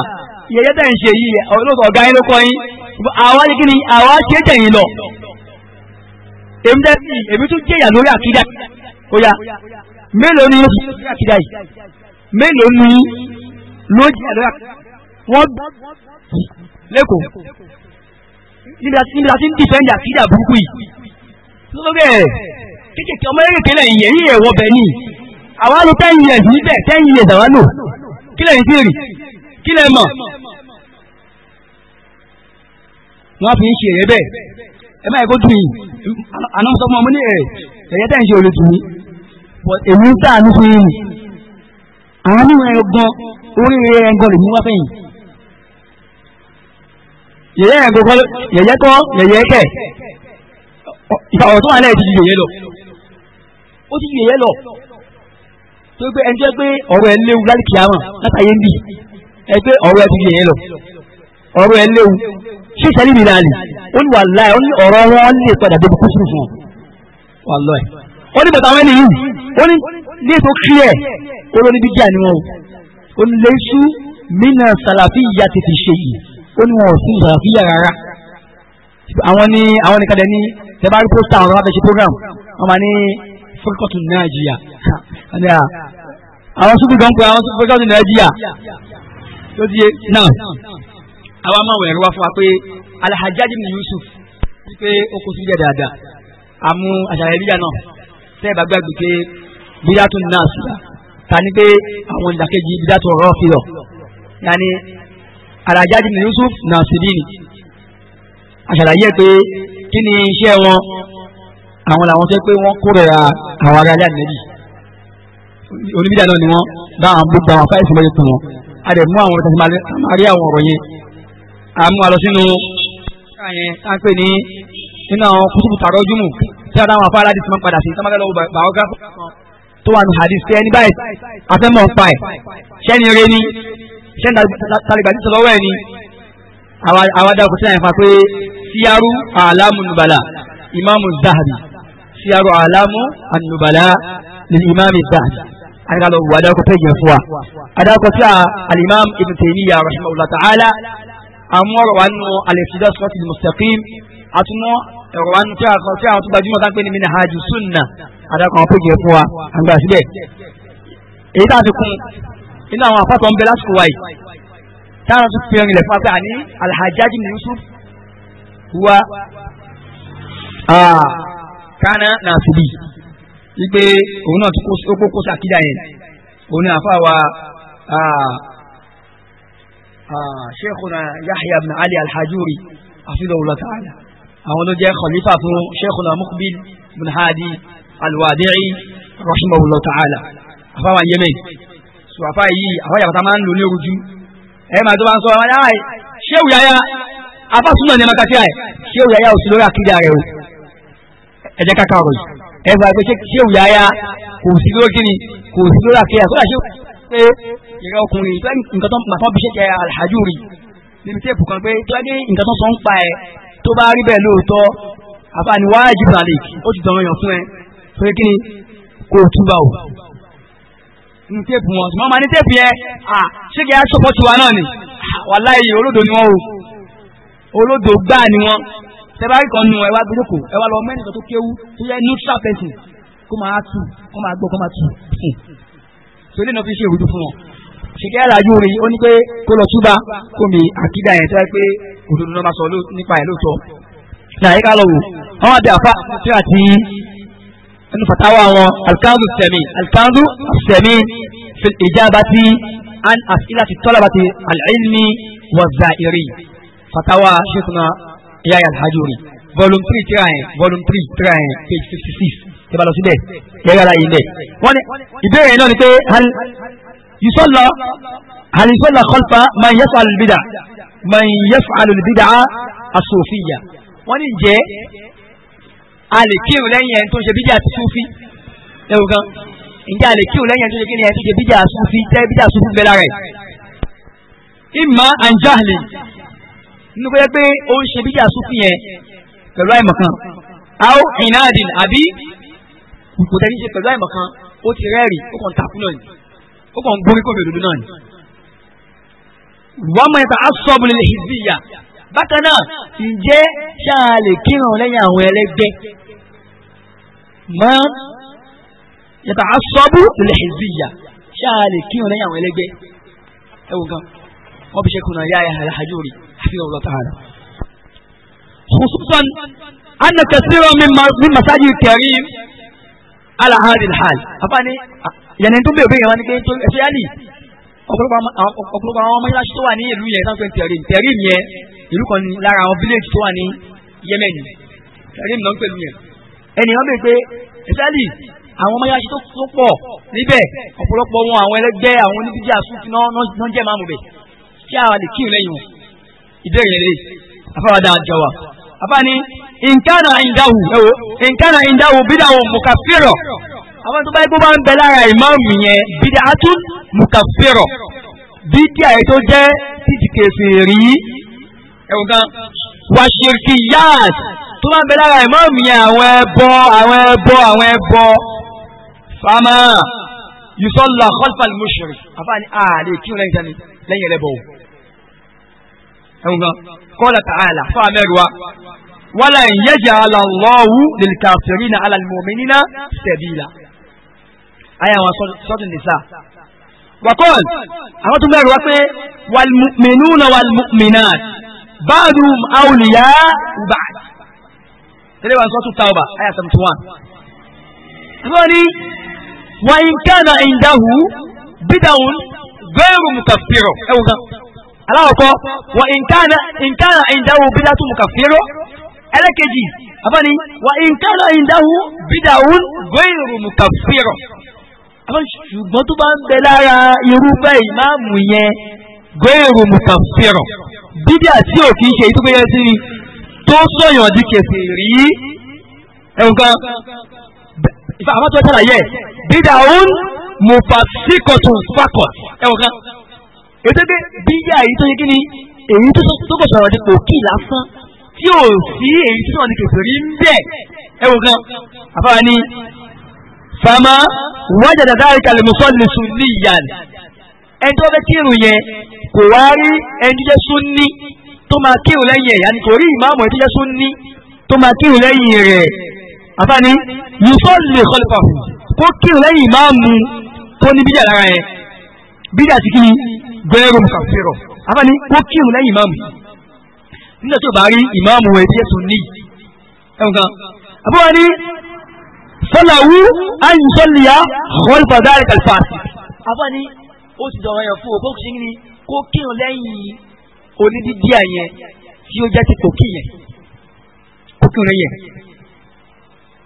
A: yẹ̀yẹ́ tẹ̀ ń ṣe yìí ọ̀gá yín ló kọ́ yín àwa ṣe kí ni àwa ṣe tẹ̀yìn lọ. èmi tẹ́ sí èmi tún jẹ́yà lórí àkídá ó yá mélòó ni ló fi lórí àkídá yìí mélòó ni ló jẹ́yà lórí àkídá wọ́n lẹ́kọ̀ọ́ níbi àti ń dìfẹ́ǹdì àkídá burúkú yìí kékèké ọmọ eréke lẹ́yìn yẹ̀ yíyẹ̀ wọ bẹ̀ ni àwa ló ten years níbẹ̀ ten years àwa lò kí lẹ́yìn sí rì kí lẹ́ mọ̀ wọ́n fi ń ṣe ẹ̀yẹ bẹ́ẹ̀ ẹ báyìí kó dùn yìí àná sọ fún ọmọ ní ẹ̀rẹ̀ ẹ̀yẹ tẹ̀ ń ṣe olè dùn mí èmi ń tà ní fún yìí àwọn onímọ̀ ẹ̀gbọ́n oríire ẹ̀gbọ́n lè mú wá fẹ́yìn yẹ̀yẹ́ ẹ̀gbọ́n yẹ̀yẹ́ kọ́ yẹ̀yẹ́ kẹ̀ ìfàwọ̀ tó wà lẹ́yìn ti ju yẹ̀yẹ́ lọ ó ti ju èyẹ lọ tó gbé ẹni tó gbé ọ̀rọ̀ ẹ léwu láti kìámà látàyé ń bì ẹ gbé ọ̀rọ̀ ẹ ti ju èyẹ lọ ọ̀rọ̀ ẹ léwu ṣé ìṣẹ́lẹ̀ mi náà lè ó ní wàláì ó ní ọ̀rọ̀ wọn lè padà débi kúkúrú fún ọ wàláì ó ní bàtà wọn ní yìí ó ní ní ètò kílẹ̀ ó ló ní díà ni wọn ó ní lẹ́sù mínà sàlàfíyà tètè ṣe yìí ó ní wọn ò sí sàlàfíyà rárá àwọn ní àwọn nìkan dẹ̀ ní tẹ bá rí pósítà àwọn tó bá fẹ́ ṣe program wọn máa ní fúrúkọ̀tù nàìjíríà àwọn sùkú gan pé àwọn fúrúkọ̀tù nàìjíríà tó di náà àwa máa wẹ̀rù wá fún wa pé alhajjaj ibn yusuf wípé ó kó sílẹ̀ dáadáa àmú àṣàyẹ̀ríyà náà tẹ́ ẹ bá gbàgbé pé bóyá tún náà sùdà ta ni pé àwọn ìdàkejì ibi dátọ̀ ọ̀rọ̀ fi lọ yanni alhajjaj yusuf náà sì dì ní àṣàlàyé pé kí ni iṣẹ́ wọn àwọn làwọn tẹ́ pé wọ́n kórìíra àwọn ará alẹ́ ànẹ́bì oníbíjà náà ni wọ́n bá àwọn gbogbo àwọn fáìsì lọ́yẹ̀ tán wọn a dẹ̀ mú àwọn ọ̀rọ̀ àmàrí àwọn ọ̀rọ̀ yẹn a mú wa lọ sínú yẹn tá ń pè ní nínú àwọn kútùkù tààrọ̀ júmù tí àwọn afárá aládìí ti máa padà sí sábà lọ́wọ́ biography tó wà ní hadith tẹ́ ẹni báyìí afẹ́mọ̀ ń ẹ̀ sẹ́ni eré ni sẹ́ni taligbàdì sọ lọ́wọ́ ẹ̀ ni àwa dákùtì náà yẹn fa pé síyárú àlámùnúbalà siyaru alamu annubala lilimami zahabi ayika lọ wà dáko pẹjẹ fún wa adáko sí ah, alimami ibn taymiya rahimahullah ta'ala àwọn ọ̀rọ̀ wa nù alẹsídà sọtì mustaqim àtúmọ̀ ọ̀rọ̀ wa nù tí a kọ tí a tún gbajúmọ̀ tá a pè ní minahaju sunna adáko àwọn pẹjẹ fún wa àgbà síbẹ̀ èyí tá a ti kún inú àwọn afáfọ́ ń bẹ lásìkò wáyé táwọn tún fi rìnlẹ̀ fún apẹ́ àní alhajjaj ibn yusuf wa kánà nàṣubì wípé òun náà ó kókó sàkídà yẹn òun ni àfa wa sheikhuna yahya ibn ali alhajuri afidahullah ta'ala àwọn ló jẹ́ khalifa fún sheikhuna mukbil ibn hadi alwadi'i rahimahullah ta'ala àfa wa yemen so àfa yìí àfa yàtọ̀ máa ń lò ní ojú ẹ̀ máa tó bá ń sọ ẹ̀ máa yára àfa súnmọ̀ ní ẹ̀ máa kàtí àyè ṣéwù yáyá òsì lórí àkídà rẹ̀ o ẹ jẹ́ káka ọ̀rọ̀ yìí ẹ gba pé ṣé òyà ya kò sí lórí kíni kò sí lórí àkẹyà kó dàṣẹ pé ìrẹ ọkùnrin tó nǹkan tó ń pa bí ṣe jẹ alhaju rí níbi téèpù kan pé tó dé nǹkan tó sọ ń pa ẹ tó bá rí bẹ́ẹ̀ lóòótọ́ àfààní wáyà jìbàlẹ̀ ó ti dọ̀rọ̀ yàn fún ẹ tó yẹ kíni kò túbà o ní téèpù wọn ṣùgbọ́n máa ní téèpù yẹn à ṣé kí á ṣọpọ́ tiwa náà ni wàláyé olódo ni wọn o olódo gbáà ni wọn sẹ́bárì kan nù ẹ wá gbẹ́dọ̀kọ̀ ẹ wá lọ mẹ́rin kan tó kéwú tó yẹ neutral person kó máa tù kó máa gbọ́ kó máa tù fún so ilé náà fi ṣe ìrújú fún wọn. ṣìkẹ́ àlàyé orin ó ní pé kó lọ túbà kó mi àkídà yẹn tẹ́ pé òdodo náà máa sọ nípa ẹ̀ lóòótọ́. ṣàyẹ ká lọ wò àwọn àti àfa tí àti ẹnu fatawa wọn alkanzu sẹmi alkanzu sẹmi ìjábàtì an asilati tọ́lábàtì alẹ́ni wàzà ìrì fatawa ṣèkùnà yahya alhajuri volume three tira yẹn volume three tira yẹn page fifty six tí a bá lọ síbẹ̀ yẹ́rẹ́ ara yìí bẹ̀. wọ́n ní ìbéèrè náà ni pé yusọ́lọ halisọ́lọ kọ́lpa man yaf'al bid'a man yaf'al bid'a as-sufiyya. wọ́n ní jẹ́ a lè kírun lẹ́yìn ẹni tó ń ṣe bídà sufi ẹ̀rù kan ǹjẹ́ a lè kírun lẹ́yìn ẹni ṣe kíni ẹni tó tẹ́ bídà sufi bẹ́ẹ̀ lára ẹ̀. imma an nínú kó yẹ pé ó ń ṣe bíjà súfì yẹn pẹ̀lú àìmọ̀kan àwọn ìnáàdìn àbí kò tẹ́ ní ṣe pẹ̀lú àìmọ̀kan ó ti rẹ́ẹ̀rì ó kàn takú náà ni ó kàn gbórí kò fèrè náà ni. wọ́n mọ̀ nípa asọ́bùnì lè hìzí ìyà bákan náà ǹjẹ́ ṣáà lè kírun lẹ́yìn àwọn ẹlẹ́gbẹ́ mọ́ nípa asọ́bùnì lè hìzí ìyà ṣáà lè kírun lẹ́yìn àwọn ẹlẹ́gbẹ́ ẹ̀wọ̀n gan wọ́n fi ṣe kùnà yáyà àlàájú حفظه الله خصوصا أن كثيرا من مساجد الكريم على هذه الحال أفاني يعني أنتم بيبين يعني أنتم أشيالي ọ̀pọ̀lọpọ̀ àwọn ọmọ yíláṣí tó wà ní ìlú yẹn sáńpé tẹ̀rín tẹ̀rín yẹn ìlú kan lára àwọn village tó wà ní Yemen tẹ̀rín náà ń pẹ̀lú yẹn ènìyàn bèè pé ìsẹ́lì àwọn ọmọ yíláṣí tó pọ̀ níbẹ̀ ọ̀pọ̀lọpọ̀ wọn àwọn ẹlẹgbẹ́ àwọn oníbíjà sùn ti náà jẹ́ máàmù bẹ̀ kí àwa lè kírun lẹ́yìn wọn ìbéèrè rẹ̀ afáwádà àjọwà afáàní nkánà ìdáhù ẹwọ nkánà ìdáhù bídáhù mùkàfírọ àwọn tó bá yẹ kó bá ń bẹ lára ìmáàmù yẹn bídáhù mùkàfírọ bí kí àyè tó jẹ́ títí kèfèrí ẹwọ gan wàṣírkì yáàt tó bá ń bẹ lára ìmáàmù yẹn àwọn ẹbọ àwọn ẹbọ àwọn ẹbọ fama yusọlá kọlfàlì mùsùlùmí àfáàní àlè ah, kí wọn lẹ́yìn sani lẹ́yìn ẹlẹbọ o. قال تعالى فامروا ولا يجعل الله للكافرين على المؤمنين سبيلا ايا صوت النساء وقال اعوذ بالله والمؤمنون والمؤمنات بعضهم اولياء بعض تلو صوت التوبه ايا سمتوان ثاني وان كان عنده بدع غير متفرع aláwọ̀kọ́ wa nkánà ìdáwó bídá tó mú kà fèrò ẹlẹ́kejì abáni wa nkánà ìdáwó bídá òun gbèrò mú kà fèrò. abáni ṣùgbọ́n tó bá ń bẹ lára irúfẹ́ ìmáàmù yẹn gbèrò mú kà fèrò bídá tí ò kì í ṣe ìdúgbò yẹn sí ni tó sọ̀yàn di kẹsì rí ẹ̀wọ̀n
B: ìfà
A: àbátọ̀ tàlàyé bídá òun mú fàṣíkọ̀tún fàkọ̀ ẹ̀wọ̀n kan ètò pé bíyà èyí tó yẹ kí ni èyí tó kọ̀ sọ̀rọ̀ dípò kí lásán tí ò sí èyí tí wọ́n ti kèsè rí ń bẹ̀ ẹwù kan àfáà ni fama wájà dàda àríkàlẹ̀ mùsọ̀lẹ̀ sunni yàn ẹni tó fẹ́ kírun yẹn kò wá rí ẹni tó jẹ́ sunni tó máa kírun lẹ́yìn ẹ̀yà ni kò rí ìmáàmù ẹni tó jẹ́ sunni tó máa kírun lẹ́yìn rẹ̀ àfáà ni mùsọ̀lẹ̀ kọlùpàpù kó kírun lẹ́yìn ìmáàmù tó ní bíjà lára yẹn bíjà ti kí ni gbẹ́rù kàfẹ́rọ̀ abáni ó kírun lẹ́yìn ìmáàmù nígbà tó bá rí ìmáàmù ẹ̀ díẹ̀ tó ní ẹ̀wọ̀n kan àbúrò ní sọ́làwú ayùsọ́lìyà kọ́lùfà dárí kàlùfà abáni ó sì dọ̀rọ̀ yẹn fún òkú sí ni kó kírun lẹ́yìn onídídí àyẹn tí ó jẹ́ ti kò kíyẹn kó kírun lẹ́yìn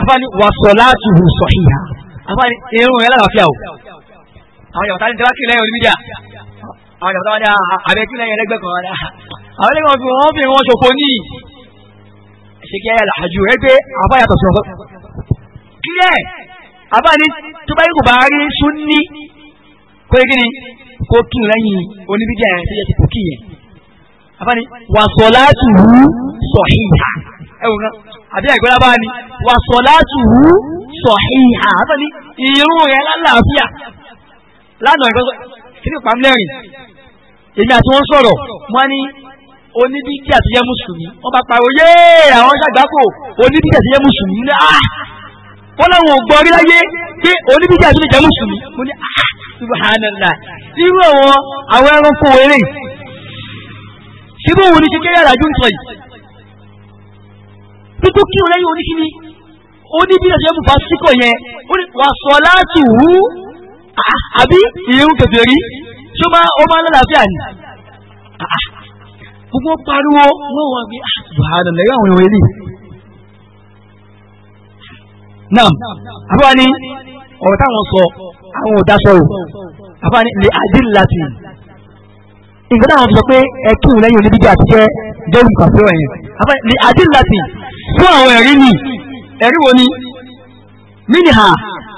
A: abáni wàsọ̀ láti hù sọ̀hìyà abáni irun ẹ̀ lálàáfíà o àwọn yàtọ̀ àti ìdíwákì lẹ́yìn onídídí à àwọn ìjọba ní àbẹ̀kí lẹ́yìn ẹlẹ́gbẹ́ kan rárá àwọn ẹlẹ́gbẹ́ fi wọ́n fi wọ́n ṣòfò ní ṣe kí ẹyà làjú rẹ pé àbá yàtọ̀ sí ọ̀sọ́. kílẹ̀ àbá ni tó bá yẹ kó bá rí súnni kó yẹ kí ni kó kí n lẹ́yìn oníbíjà yẹn tó yẹ kó kí yẹn. àbá ni wà sọ láti wú sọ híhà ẹ wò kán àbí ẹgbẹ́ lábá ni wà sọ láti wú sọ híhà àbá ni ìrún rẹ lálàáfíà lánàá ìgbà kí ni pàmílẹ́rìn èmi àti wọn sọ̀rọ̀ wọn ní onídìkì àti yẹ mùsùlùmí wọn bá pariwo yéé àwọn ṣàgbákò onídìkì àti yẹ mùsùlùmí ní ah wọn làwọn ò gbọ́ rí láyé pé onídìkì àti yẹ mùsùlùmí mo ní ah subhanallah irú àwọn àwọn ẹranko wẹrẹ síbí òun ni kékeré àràjù ń sọ yìí títún kí wọn lẹ́yìn oníkíní onídìkì àti yẹ mùsùlùmí bá síkọ yẹn wà sọ láti wú ah, àbí ìrún kẹfẹ rí tí ó bá ó máa lálàáfíà ni ah, ah. gbogbo pariwo wọ́n wọ́n bí àbúhàdàn lẹ́yìn àwọn ìwé rí náà àbúrò ni ọ̀rọ̀ táwọn sọ àwọn ò dáṣọ o àbúrò ni lè àdínláti nǹkan táwọn sọ pé ẹkùn lẹ́yìn oníbíjà àti jẹ́ jẹ́rù pàṣẹ ẹ̀yìn àbúrò ni lè àdínláti fún àwọn ẹ̀rí ni ẹ̀rí wo ni mínìhà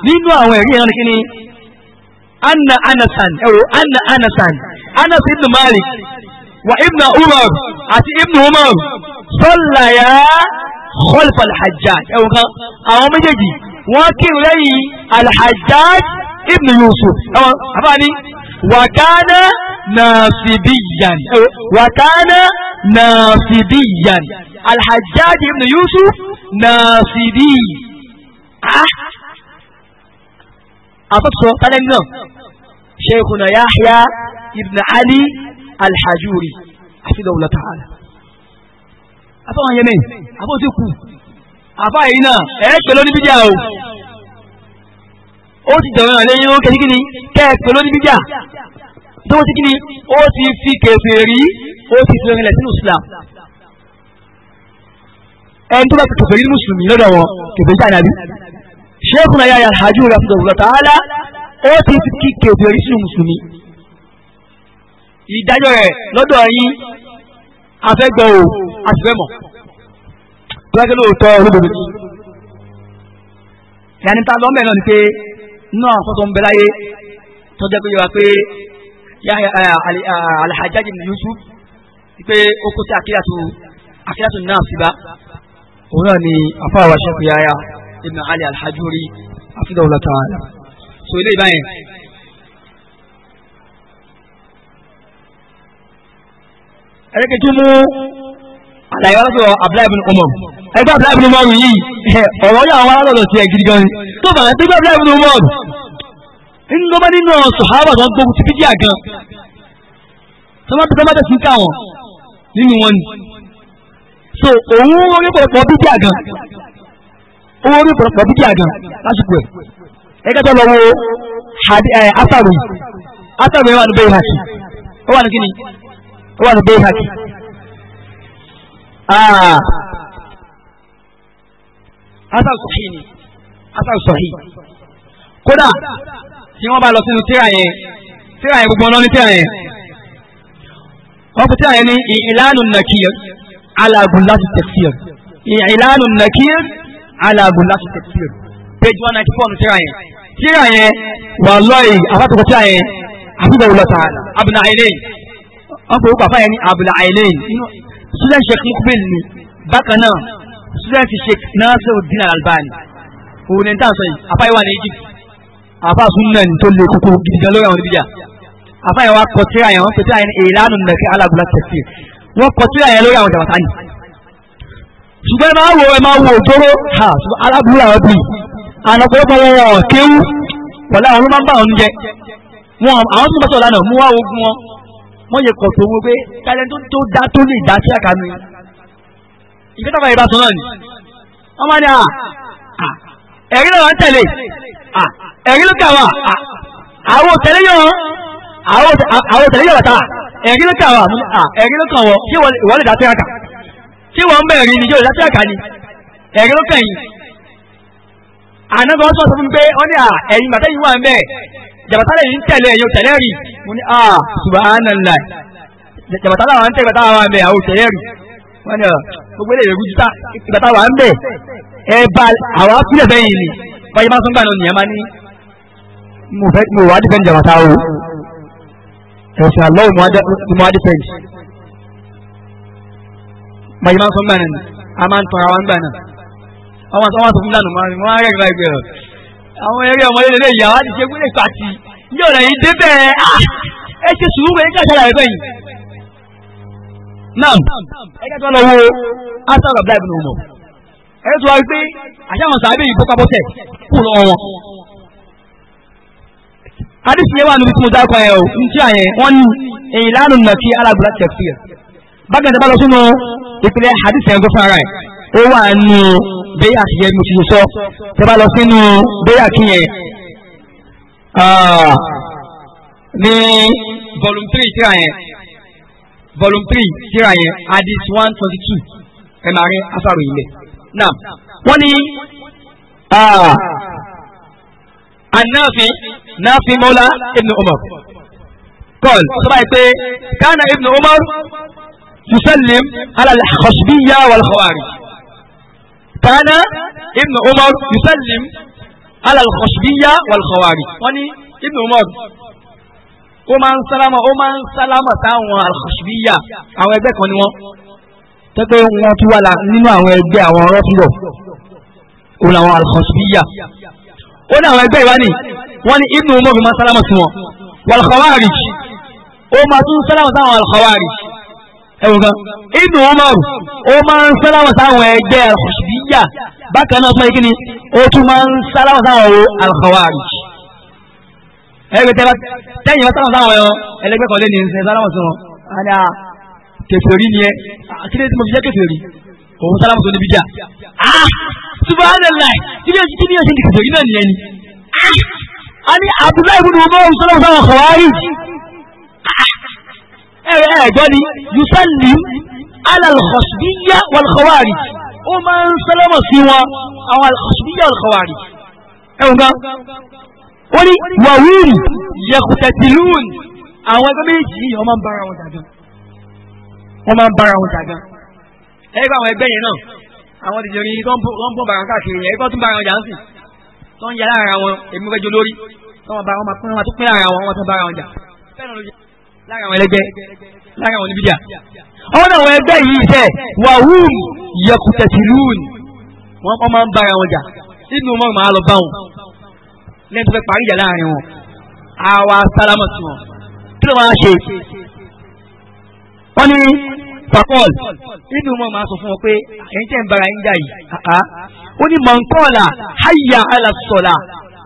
A: nínú àwọn ẹ̀rí ẹ̀rọ ni kí ni أن أنسا أو أن أنسا أنس ابن مالك وابن عمر أتي ابن عمر صلى يا خلف الحجاج أو غا أو مجدي وكن لي الحجاج ابن يوسف أو أفاني وكان ناصبيا وكان ناصبيا الحجاج ابن يوسف ناصبي أه أبصر أنا sheikhuna yahya ibn ali alhajuri afidawula ta'ala afọwọn yẹmẹ afọ ti kú afọ yìí náà ẹ pè lónìí bíjà o ó ti dọ̀rọ̀ náà lẹ́yìn ó kẹ́ kíni kẹ́ ẹ pè lónìí bíjà tó ti kíni ó ti fi kẹfẹ́ rí ó ti fi rinlẹ̀ sínú islam ẹni tó bá ti kẹfẹ́ rí mùsùlùmí lọ́dọ̀ wọn kẹfẹ́ jáde àbí sheikhuna yahya alhajuri afidawula ta'ala ó ti kí kèfè rí sínú mùsùlùmí ìdájọ́ rẹ̀ lọ́dọ̀ yín afẹ́gbọ́ o àṣìfẹ́mọ̀ tó wá kí lóòótọ́ olódodo ni ìyàní ta lọ́mọ̀ náà ni pé inú àwọn kan tó ń bẹ láyé tó jẹ́ pé yọ wá pé alhajjaj ibn yusuf pé ó kó sí akíyàtú akíyàtú náà síbá òun náà ni afáwàṣẹ́ pé ibn ali alhajuri afidawulata so eléyìí báyẹn. ẹ̀rẹ́kẹ́ tí mú àlàyé wa lọ́sọ̀rọ̀ Abdullahi bin Umar ẹgbẹ́ Abdullahi bin Umar yìí ọ̀rọ̀ yà wọn lọ́dọ̀ sí ẹ̀ gidi gan ni tó bàa ń tẹ́gbẹ́ Abdullahi bin Umar ńlọ́mọ nínú sọ̀hábà tó ń gbógun ti bídíà gan tọ́mọ́tò tọ́mọ́tò sí ká wọn nínú wọn ni so òun orí pọ̀lọpọ̀ bídíà gan òun orí pọ̀lọpọ̀ bídíà gan lásìkò ẹ̀ ẹgbẹ́ tó lọ wo asaru asaru yẹn wà ní bẹ́ẹ̀ hàkì ó wà ní kíni ó wà ní bẹ́ẹ̀ hàkì. Ah. asaru sọ̀hí ni asaru sọ̀hí kódà tí wọ́n bá lọ sínú tíra yẹn tíra yẹn gbogbo ọlọ́ni tíra yẹn wọ́n fi tíra yẹn ní ìlànà nàkìyà alágùn láti tafsir ìlànà nàkìyà alágùn láti tafsir page one ninety four ní tíra yẹn tíra yẹn wà lọ́ọ̀yì àbátọ̀kọ̀ tíra yẹn àbúgbà wùlọ́ta abùnà àìlẹ́yìn wọ́n pè é pàpà yẹn ní abùnà àìlẹ́yìn student sheikh mukbil ni bákan náà student sheikh nasiruddin al-albani òun ní tàǹsọ̀ yìí àpá wà ní egypt àpá sunna ní tó lè kókó gidi gan lórí àwọn oníbíyà àpá yẹn wà kọ tíra yẹn wọ́n pè tíra yẹn ní ìlànà nàkẹ́ alágbèlá tẹ̀sí wọ́n kọ tíra yẹn lórí àwọn jàmbá tani ṣùgbọ́n ẹ máa wo ẹ máa wo òjòrò ha alágbèlá ọ̀bì àwọn ọ̀pọ̀lọpọ̀ wọn wọn kéwú pọ̀lá àwọn ló máa ń bá wọn jẹ wọn àwọn tó ń bá sọ̀rọ̀ lánàá mú wá ogun wọn wọ́n yẹ kọ̀ tó wo pé tẹ́lẹ̀ tó tó dá tó lè dá sí àkànú ìfẹ́ tàbá ìbá sọ náà ni wọ́n máa ní à ẹ̀rí náà ń tẹ̀lé ẹ̀rí ló kà wá àwọn òtẹ̀lé yọ̀ àwọn òtẹ̀lé yọ̀ bàtà ẹ̀rí ló kà wá ẹ̀rí ló kà wọ́ ṣé ìwọ lè dá sí àkà ṣé ìwọ ń bẹ̀rẹ̀ ni yóò dá sí àkà ni ẹ̀rí ló kà yìí ànágbà wọn sọ fún mi pé wọn ní à ẹ̀yin bàtà yìí wà ń bẹ jàbàtà lẹ́yìn tẹ̀lé ẹ̀yọ tẹ̀lé rí mo ní à subhanallah jàbàtà làwọn ń tẹ̀ bàtà wà ń bẹ àwọn tẹ̀lé rí wọn ní gbogbo eléyìí rújú tá bàtà wà ń bẹ ẹ bá àwọn afílẹ̀ bẹ́ẹ̀ yìí ni wáyé máa ń sọ́ngbà nìyẹn máa ní mo wà á dìfẹ́ǹdì jàbàtà o ẹ̀sìn àlọ́ mo wà á dìfẹ́ǹdì wáyé máa ń sọ́ngbà náà a máa ń tọ́ra wa ń gbà náà àwọn àti àwọn àti fúlànù máa ń wọ́n á rẹ̀ gbàgbé rẹ̀ àwọn eré ọmọdé lè yà wá ti ṣe gbélé pàtì ní ọ̀nà yìí débẹ̀ ah! ẹ ṣe sùúrù ẹ káṣá rẹ̀ bẹ́yìn. náà ẹ jẹ́ tó lọ wo asar abdul ibn umar ẹ jẹ́ tó wá pé àṣàwọn sàbẹ̀ yìí bọ́ká bọ́tẹ̀ kù lọ wọn. adísì yẹn wà níbi tí mo dákọ yẹn o n tí àyẹn wọn ní èyí lánàá nà kí alágbèrè tẹ̀síyà bákan tí a bá lọ sínú ìpìlẹ̀ hadith yẹn tó fara ẹ̀ ó wà nù bẹ́yà kìyẹn mo ti sọ tẹ́ bá lọ sínú bẹ́yà kìyẹn ní volume three tíra yẹn volume three tíra yẹn hadith one twenty two ẹ máa rí afárò yìí lẹ̀ náà wọ́n ní anáfi náfi mọ́lá ibn umar kọ́ọ̀lù sọ́ba yìí pé kánà ibn umar yusallim ala al-khashbiyya kana ibn umar yusallim ala al-khashbiyya wal khawarij wọ́n ní ibn umar ó máa ń sálámà ó máa ń sálámà táwọn al-khashbiyya àwọn ẹgbẹ́ kan ni wọ́n tẹ́tẹ́ wọn tún wà nínú àwọn ẹgbẹ́ àwọn rọ́fúrọ̀ òun àwọn al-khashbiyya ó ní àwọn ẹgbẹ́ ìwádìí wọ́n ní ibn umar fi máa sálámà sí wọn wal khawarij ó máa tún sálámà táwọn al-khawarij ẹ̀wọ̀n kan Ibn Umar ó máa ń sáláwà sáwọn ẹgbẹ́ al-Hizbiyya bákan náà tún kíni ó tún máa ń sáláwà sáwọn al-Khawarij ẹgbẹ́ tẹ́yìn bá sáláwà sáwọn ẹlẹgbẹ́ kan lé ní ṣe sáláwà sí wọn àdá kèfèrí ni ẹ kílé tí mo fi jẹ́ kèfèrí òun sáláwà tó níbi jà ah subhanallah kílé tí ní ẹ̀sìn kèfèrí náà nìyẹn ni ah a ní Abdullahi ibn Umar sáláwà sáwọn Khawarij ẹ̀rẹ̀ ẹ̀gbọ́n ni yusalli alalkhosbiya walkhawari ó máa ń sẹ́lẹ̀mọ̀ sí wọn àwọn alkhosbiya walkhawari ẹ̀wọ̀n gan ó ní wàwúrì yẹkùtẹ̀tìlún àwọn ẹgbẹ́ méjì yìí wọ́n máa ń bára wọn dàgbọ́n wọ́n máa ń bára wọn dàgbọ́n ẹgbẹ́ àwọn ẹgbẹ́ yẹn náà àwọn ti jẹun yìí tó ń bọ̀ bàrà káàkiri yẹn ẹgbẹ́ tó ń bára wọn jà tó ń yà lára wọn èmi fẹ́ jolórí tó ń bára wọn máa tó pín ara wọn wọn tó ń bára wọn jà lára àwọn ẹlẹgbẹ́ lára àwọn oníbíyà àwọn àwọn ẹgbẹ́ yìí tẹ wàhùn yẹkùtẹ̀tìlún wọn kọ́ máa ń bára wọn jà nínú wọn máa lọ bá wọn lẹ́yìn tó fẹ́ parí ìjà láàrin wọn àwa sálámà sí wọn kí ló máa ṣe wọ́n ní pàkọ́ọ̀l nínú wọn máa sọ fún wọn pé ẹ̀yin tẹ̀ ń bára yín jà yìí ó ní mọ̀ńkọ́ọ̀là háyà alásọ̀là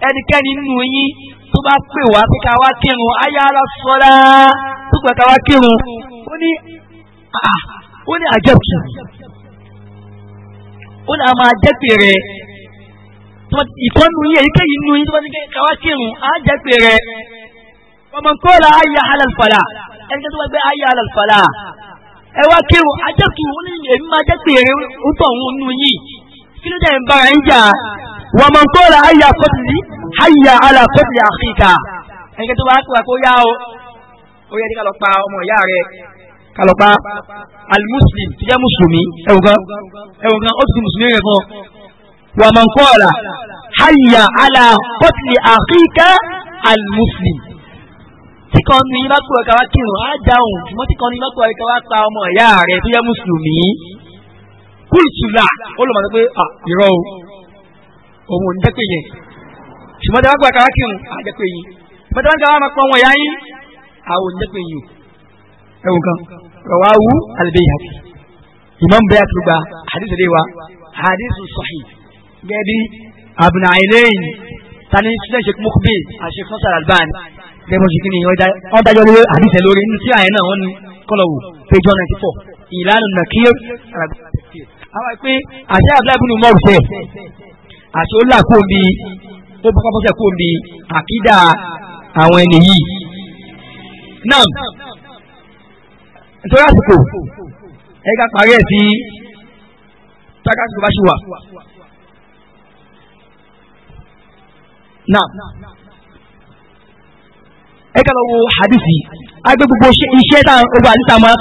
A: ẹnikẹ́ni nínú yín tó bá pè wá pé ká wá kírun ayára sọ́dá tó gbà ká wá kírun ó ní ó ní àjẹpù ó ní àmọ́ àjẹpù rẹ ìkọ́nù yìí èyíkéyìí nù yìí tó bá ti ká wá kírun àjẹpù rẹ ọmọ kọ́ra ayé alàlùfàlà ẹnikẹ́ni tó bá gbé ayé alàlùfàlà ẹ wá kírun àjẹpù ó ní èmi máa jẹ́ pé ó tọ̀ ń nù yìí kí ló dé ń bára ń jà wọ́n mọ̀ tó ra ayà kọ́tìlì ayà àlà kọ́tìlì àkíkà ẹni tó bá tó wà kó yá o ó yẹ ní ká lọ pa ọmọ ìyá rẹ ká lọ pa alimuslim tó jẹ́ mùsùlùmí ẹ̀wọ̀n kan ẹ̀wọ̀n kan ó ti di mùsùlùmí rẹ̀ kan wọ́n mọ̀ tó ra ayà àlà kọ́tìlì àkíkà alimuslim tí kan ní bá tó ẹ̀ka wá kírun á dáhùn ṣùgbọ́n tí kan ní bá tó ẹ̀ka wá pa ọmọ ìyá rẹ tó jẹ́ mùsùlùmí kúlùtùlà ó lọ́ òun ò ní dẹ́pẹ́ yẹn ṣùgbọ́n tí wọ́n gbà káwá kírun á dẹ́pẹ́ yìí ṣùgbọ́n tí wọ́n gbà wá máa pọ̀ wọn yá yín á ò ní dẹ́pẹ́ yìí o ẹ̀wọ̀n kan rọ̀wá wú al-Bayhaqi Imam Bayhaqi gba hadith lè wa hadith sahih gẹ́bí Ibn Aynayn tani sílẹ̀ ṣe mọ́kúbí àṣẹ sọ́sà Albani gẹ́gbọ́n àwọn pé àṣẹ àbúlá ibùdó mọ́ọ̀rù fẹ́ẹ̀ àti ó là kó bí ó bọ́ bọ́sẹ̀ kó bí àkídà àwọn ẹni yìí. náà nítorí àsìkò ẹ ká parí ẹ̀ sí tákàtúkò bá ṣe wà. náà ẹ ká lọ wo hadisi agbé gbogbo iṣẹ́ tá gbogbo àdìsí àwọn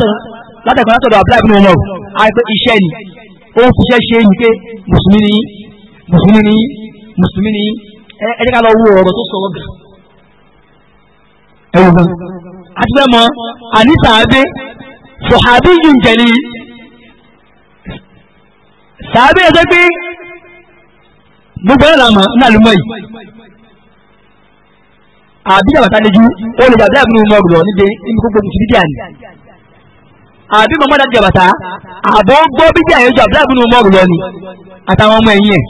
A: látàkùn látọ̀dọ̀ àbúrò àbúrò ọmọ rẹ̀ àìpé iṣẹ́ ni ó ń fiṣẹ́ ṣe ní pé mùsùlùmí ni mùsùlùmí ni mùsùlùmí ni ẹni ká lọ wo ọ̀rọ̀ tó sọ̀rọ̀ gà ẹ̀wù gan. àti bẹ́ẹ̀ mọ anisa abe sọ̀hábí yunjẹ̀lì sàbí ẹsẹ̀ pé gbogbo ẹ̀ làmà ńlá lùmọ̀ yìí àbí àbàtà lẹ́jú olùgbàdà ìbùnú ọmọ ọgbọ̀n níbi níbi gbogbo ìtì bíbí àná àbí mọ̀mọ́dá jàbàtà àbọ̀ gbọ́ bíbí àyẹ̀jọ àbúlá ìbùnú ọmọ ọgbọ̀n ni àtàwọn ọmọ ẹ̀yìn ẹ̀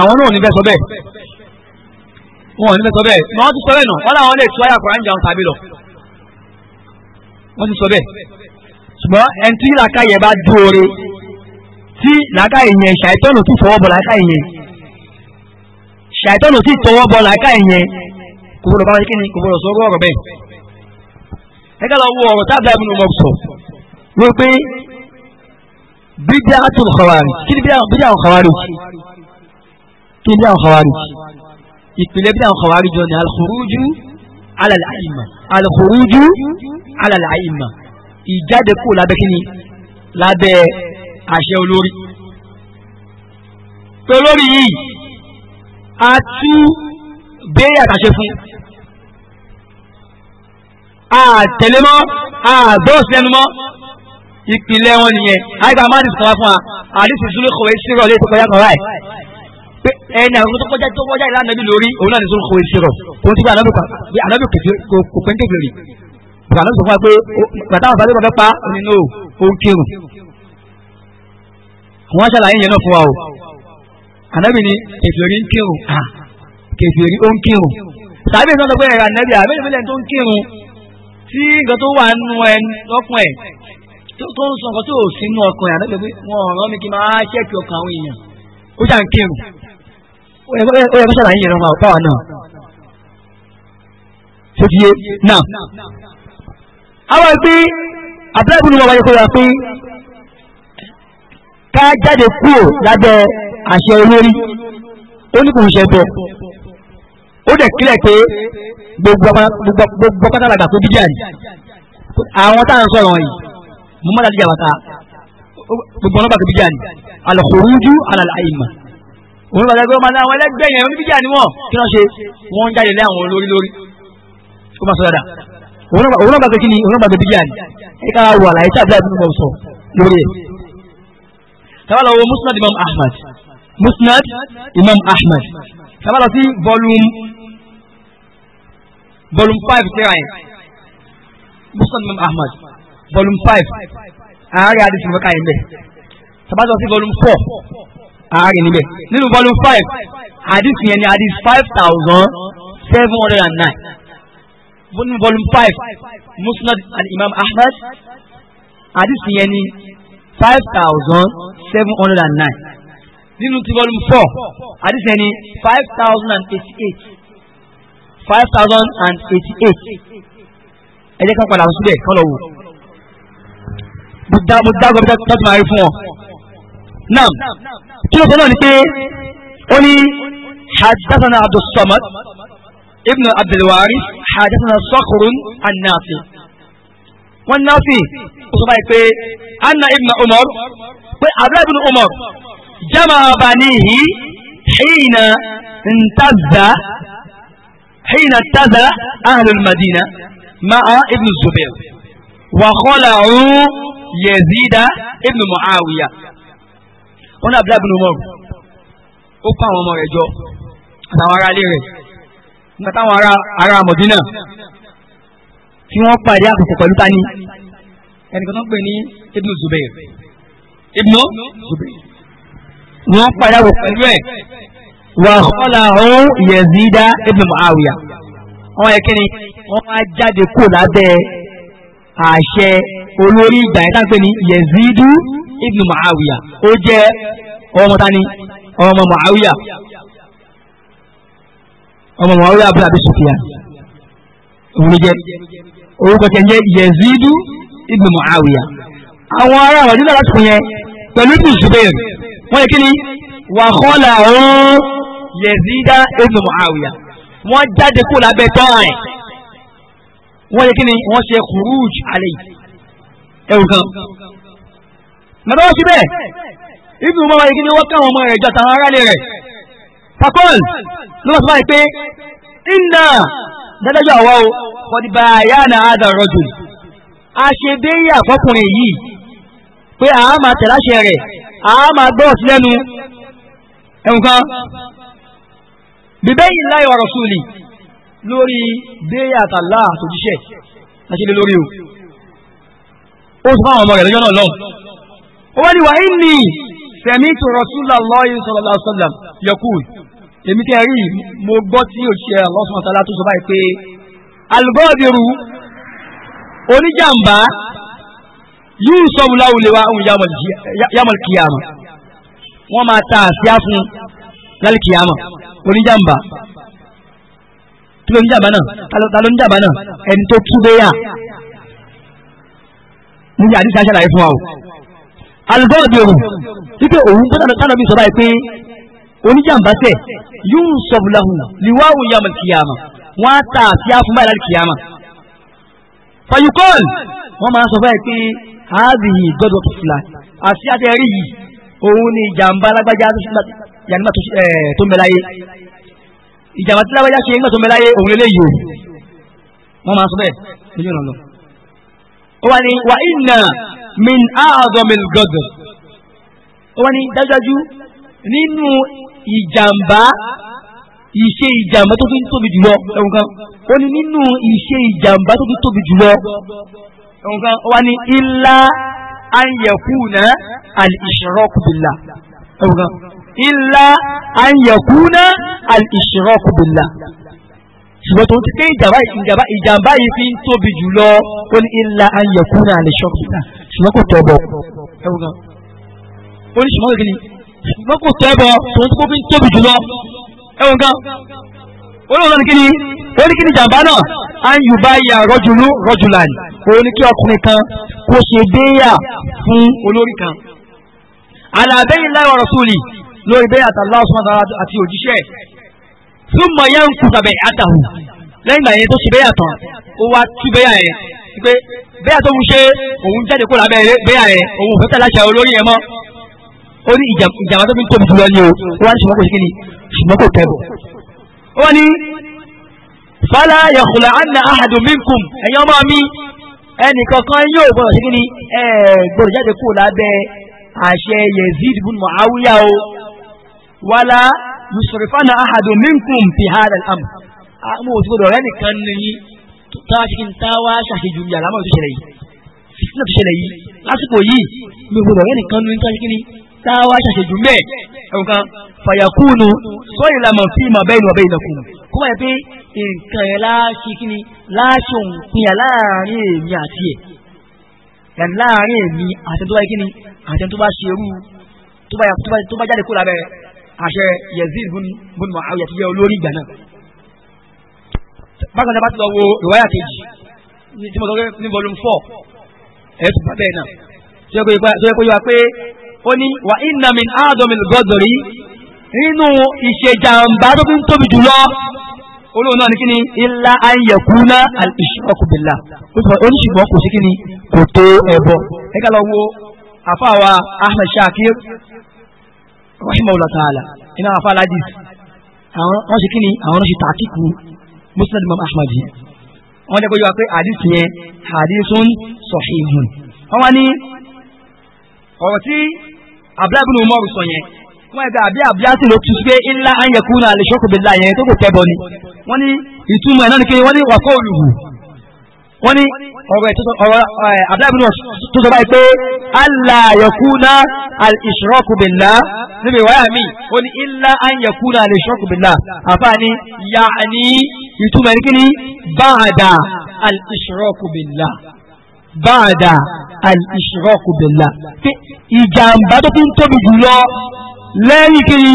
A: àwọn náà ò ní fẹ́ sọ bẹ́ẹ̀ wọn ò ní fẹ́ sọ bẹ́ẹ̀ màá ti sọ bẹ́ẹ̀ nà wọn làwọn lè tú àyà kúrán jàun tàbí lọ wọn ti sọ bẹ́ẹ̀ ṣùgbọ́n ẹni tí làákàyè bá dóore tí làákàyè yẹn ṣàìtọ́nù tí fọwọ́ bọ̀ làákàyè yẹn ṣàìtọ́nù tí tọwọ́ bọ̀ làákàyè yẹn kò gbọdọ̀ bá kí ni kò gbọdọ̀ sọ ọ̀rọ̀ bẹ́ẹ̀ ẹ ká lọ wo ọ̀rọ̀ tábìlì ẹ̀mí ni mo sọ wípé bídíà tó ń kọ̀wárì kí ni bídíà ń kọ̀wárì kí ni àwọn khawarij ìpìlẹ̀ bí àwọn khawarij jọ ni alkhuruju ala al-a'imma alkhuruju ala al-a'imma ìjáde kú lábẹ́ kí ni lábẹ́ àṣẹ olórí tolórí yìí a tú béèrè àtàṣe fún a tẹ̀lé mọ́ a bọ́ọ̀sì lẹ́nu mọ́ ìpìlẹ̀ wọn nìyẹn àìgbà má dìsọ̀ wá fún wa àdìsí ìṣúlẹ̀ kọ̀wé sí ìrọ̀lẹ́ ìtọ́kọ̀yà kan ráì pé ẹni àwọn tó kọjá tó kọjá ìlànà bí lórí òun náà ní sọ kò ìṣirò òun ti gbé ànábì kan bí ànábì kò kò pé kékeré rí bàbá ànábì sọ fún wa pé bàtà bàbá àdébàbẹ pa nínú òun kírun àwọn aṣàlàyé yẹn náà fún wa o ànábì ni kèfèrí ń kírun à kèfèrí ó ń kírun sàbí ìsọ́n tó pé ẹ̀rọ ànábì àbẹ́lẹ́fẹ́lẹ́ tó ń kírun tí nǹkan tó wà nù ẹ lọ́kùn ẹ̀ tó ń sọ nǹkan tó ò sínú ọkàn ẹ̀ ànábì pé wọn ọ̀rọ̀ mi kí n máa ṣẹ́ẹ̀kì ọkàn àwọn èèyàn ó jà ń kírun ó yẹ kó ṣàlàyé ìrọ̀mà báwa náà sotiye náà àwọn ẹgbẹ́ abúlé ìbùnú wọn wáyé kó yà pé ká jáde kúrò lábẹ́ àṣẹ olórí ó ní kò ń ṣe bẹ́ẹ̀ ó dẹ̀ kílẹ̀ pé gbogbo pátálága tó dídí àní àwọn táwọn sọ̀rọ̀ yìí mo má dájú jàbàtà gbogbo ọlọ́pàá tó dídí àní alùpùpù rújú alàlàyé òun lọ́dọ̀ pé ọmọdé àwọn ẹlẹ́gbẹ́ yẹn oníbíjà ni wọ́n kí wọ́n ṣe wọ́n ń jáde lé àwọn olórí lórí ó máa sọ dáadáa òun náà gbàgbé kí ni òun náà gbàgbé bíjà ni ẹ ká wà láyé tí àbúrò àbúrò sọ lórí ẹ̀. sábàlọ́ wo musnad imam ahmad musnad imam ahmad sábàlọ́ sí volume volume five ṣe ra musnad imam ahmad volume five ààrẹ àdìsí mọ́ká yẹn bẹ́ẹ̀ sábàlọ́ sí volume four ààrẹ níbẹ̀ nínú volume five hadith yẹn ni hadith five thousand seven hundred and nine nínú volume five musnad al-imam ahmad hadith yẹn ni five thousand seven hundred and nine nínú ti volume four hadith yẹn ni five thousand and eighty-eight five thousand and eighty-eight ẹ jẹ́ ká padà síbẹ̀ kọ́ lọ wò mo dá mo dá gbọ́dọ̀ tó ti máa rí fún ọ. Naam. كيف ló كي náà حدثنا عبد الصمد ابن عبد الوارث حدثنا صخر النافي نافع وصفاي بي أن ابن عمر عبد ابن عمر جمع بنيه حين انتز حين انتز أهل المدينة مع ابن الزبير وخلعوا يزيد ابن معاوية wọn ní abdullahi bin umar ó kó àwọn ọmọ rẹ̀ jọ àtàwọn ará ilé rẹ̀ nígbà táwọn ará ará mọ̀dínà tí wọ́n pàdé àkókò pẹ̀lú tani ẹnìkan tó ń pè ní ibnu zubair ibnu zubair wọ́n pàdé àkókò pẹ̀lú ẹ̀ wà kọ́lá ọ̀hún ibnu muawiya wọ́n yẹ kí ni wọ́n á jáde kó lábẹ́ àṣẹ olórí ìgbà yẹn táǹpẹ́ ní Yezidu ibn Muawiya ó jẹ́ ọmọ tani ọmọ Muawiya ọmọ Muawiya abúlé àbí Sufyan òun jẹ́ orúkọ tẹ̀ ń jẹ́ Yezidu ibn Muawiya àwọn ará àwọn ìdílé aláṣọ yẹn pẹ̀lú ibn Zubair wọ́n yẹ kí ni wàhálà ọ̀hún Yezida ibn Muawiya wọ́n jáde kó lábẹ́ tọ́ wọ́n yẹ kí ni wọ́n ṣe kùrúùj àlẹ́ yìí ẹ̀rù kan. nàbà wọ́n ṣe bẹ́ẹ̀ ibi ìwọ́n wáyé kí ni wọ́n káwọn ọmọ rẹ̀ jọ àtàwọn aráàlẹ̀ rẹ̀ fakọ́l ló bá sọ báyìí pé iná dádájọ́ àwa o kọ́dìbà yá na ádà rọ́jù àṣebéyà fọkùnrin yìí pé àá máa tẹ̀láṣẹ rẹ̀ àá máa gbọ́ ọ̀sí lẹ́nu ẹ̀rù kan bíbẹ́yìn láì rọ̀ṣùlì lórí bẹ́ẹ̀ àtàlá àtòjíṣẹ́ àṣílé lórí o ó sọ àwọn ọmọ rẹ̀ lọ́jọ́ náà lọ́wọ́ ó wá ní wà ní ní tẹ̀mí tó rọ̀súlà lọ́yìn sọ̀rọ̀lá sọ̀lá yọkù èmi tẹ́ rí mo gbọ́ tí òṣìṣẹ́ ọlọ́sùn àtàlá tó sọ báyìí pé alùbọ́ọ̀dẹ̀rù oníjàmbá yóò sọ mu láwùlé wa òun yàmọ̀lì kìyàmọ̀ wọ́n máa ta àṣíá fún lálẹ́ kìyàmọ̀ oníjàmbá kí ló ń jàmbá náà ta ló ń jàmbá náà ẹni tó tú déyà níbi àdìsí aṣáláyé fún wa o. alugọ́ọ̀dì òun wípé òun gbọ́dọ̀ tánà bí sọ báyìí pé oníjàmbá tẹ̀ yóò sọ̀bù lahùn liwáwù yàmù kìyàmà wọ́n á ta àti àfún báyìí láti kìyàmà. fayukọ́ọ̀l wọ́n máa sọ báyìí pé àádìyí gbọ́dọ̀ tó fìlà àti àtẹ̀rí yìí òun ni ìjàmbá alágbájá tó mẹ́láyé ìjàmbá tí lábájá ṣe nígbà tó mẹ láyé òun eléyìí o wọ́n máa sọ bẹ́ẹ̀ lójú ọ̀nà lọ. ó wá ní wà ìnà min aadọ́min gọ́dọ̀ ó wá ní dájúdájú nínú ìjàmbá ìṣe ìjàmbá tó fi tóbi jùlọ ẹ̀wọ̀n kan ó ní nínú ìṣe ìjàmbá tó fi tóbi jùlọ ẹ̀wọ̀n kan ó wá ní ilá ayẹ̀kú náà al-ishraku kan illa an yakuna al-ishraku billah ṣùgbọ́n tó ti pé ìjàmbá yìí fi ń tóbi jù lọ ó ní illa an yakuna al-ishraku billah ṣùgbọ́n kò tọ́ bọ̀ ẹ̀wọ̀n gan ó ní ṣùgbọ́n kìíní ṣùgbọ́n kò tọ́ bọ̀ tó ń tó fi ń tóbi jù lọ ẹ̀wọ̀n gan ó lóun lọ́nà kìíní ó ní kìíní ìjàmbá náà an yubaya rajulu rajulan ó ní kí ọkùnrin kan kó ṣe déyà fún olórí kan alàbẹ́yìn láì wà lórí bẹ́ẹ̀ àti Allah subhanahu àti òjíṣẹ́ súnmọ́ yẹn ń kú sàbẹ̀ àtàwù lẹ́yìn ìgbà yẹn tó ṣe bẹ́ẹ̀ tán ó wá tú bẹ́ẹ̀ yẹn pé bẹ́ẹ̀ tó ń ṣe òun jáde kó lábẹ́ bẹ́ẹ̀ yẹn òun ò fẹ́ tẹ̀lé àṣà olórí yẹn mọ́ ó ní ìjàmbá tó fi ń tóbi jùlọ ni o ó wá ní ṣùgbọ́n kò ṣe kí ni ṣùgbọ́n kò tẹ̀ ó wá ní fala yàkùlà anna ahadu minkum ẹ̀yin ọmọ mi ẹnìkankan yóò gbọdọ̀ ṣe kí ni ẹ jáde kó lábẹ́ àṣẹ Yazid ibn Muawiya o wàlá yusurifana ahadu minkum fi hada al-am mo ò ti gbọdọ̀ rẹ́ nìkan ní yín táwa ti kí n táwa ṣàṣejù ní àlámọ̀ tó ṣẹlẹ̀ yìí fitina tó ṣẹlẹ̀ yìí lásìkò yìí mi ò gbọdọ̀ rẹ́ nìkan ní táwa ṣe kí ni táwa ṣàṣejù mẹ́ẹ̀ ẹ̀wọ̀n kan fàyàkùnù sọ́yìn la mọ̀ fíìmà ni ọ̀bẹ́ ìlẹ̀kùn kó wáyé ni láṣẹ òǹpinya láàrin èmi àti ẹ̀ yàrá láàrin èmi àtẹ̀ntó bá yẹ kí ni àtẹ̀ntó bá ṣerú àṣẹ Yazid bun Muawiya tó jẹ́ olórí ìgbà náà. bákan náà bá ti lọ wo ìwáyà kejì tí mo sọ pé ní volume four ẹ̀ tún bá bẹ́ẹ̀ náà tó yẹ kó yọ wa pé ó ní wà inna min a'zamil ghadri nínú ìṣèjàmbá tó fi ń tóbi jùlọ olóhùn náà ní kíni illa an yakuna al-ishraku oníṣègùn kò sí kíni kò tó ẹbọ ẹ lọ wo àfáà wa Ahmed Shakir rahimahullah ta'ala iná afa aladis àwọn wọn ṣe kíni àwọn ọ̀rọ̀ ṣe tàkìkù musnad imam ahmad yìí wọn jẹ́ kó yọ pé hadith yẹn hadithun sahihun wọn wá ní ọ̀rọ̀ tí abdullahi bin umar sọ yẹn wọ́n ẹgbẹ́ àbí àbíásí ló tún pé ńlá ayẹkùn náà lè ṣọ́kùnbẹ̀lá tó kò tẹ́bọ ni wọ́n ní ìtumọ̀ ẹ̀ náà ni kí wọ́n ní wàkọ́ òlùhù wọ́n ní ọ̀rọ̀ àbúrò tó sọ báyìí pé allah yakuna al-ishraku billah níbi ìwáyà mi ó ní illa an yakuna al-ishraku billah àfààní yaani ìtumọ̀ ní kíni ba'da al-ishraku billah ba'da al-ishraku billah pé ìjàmbá tó tún tóbi jùlọ lẹ́yìn kíni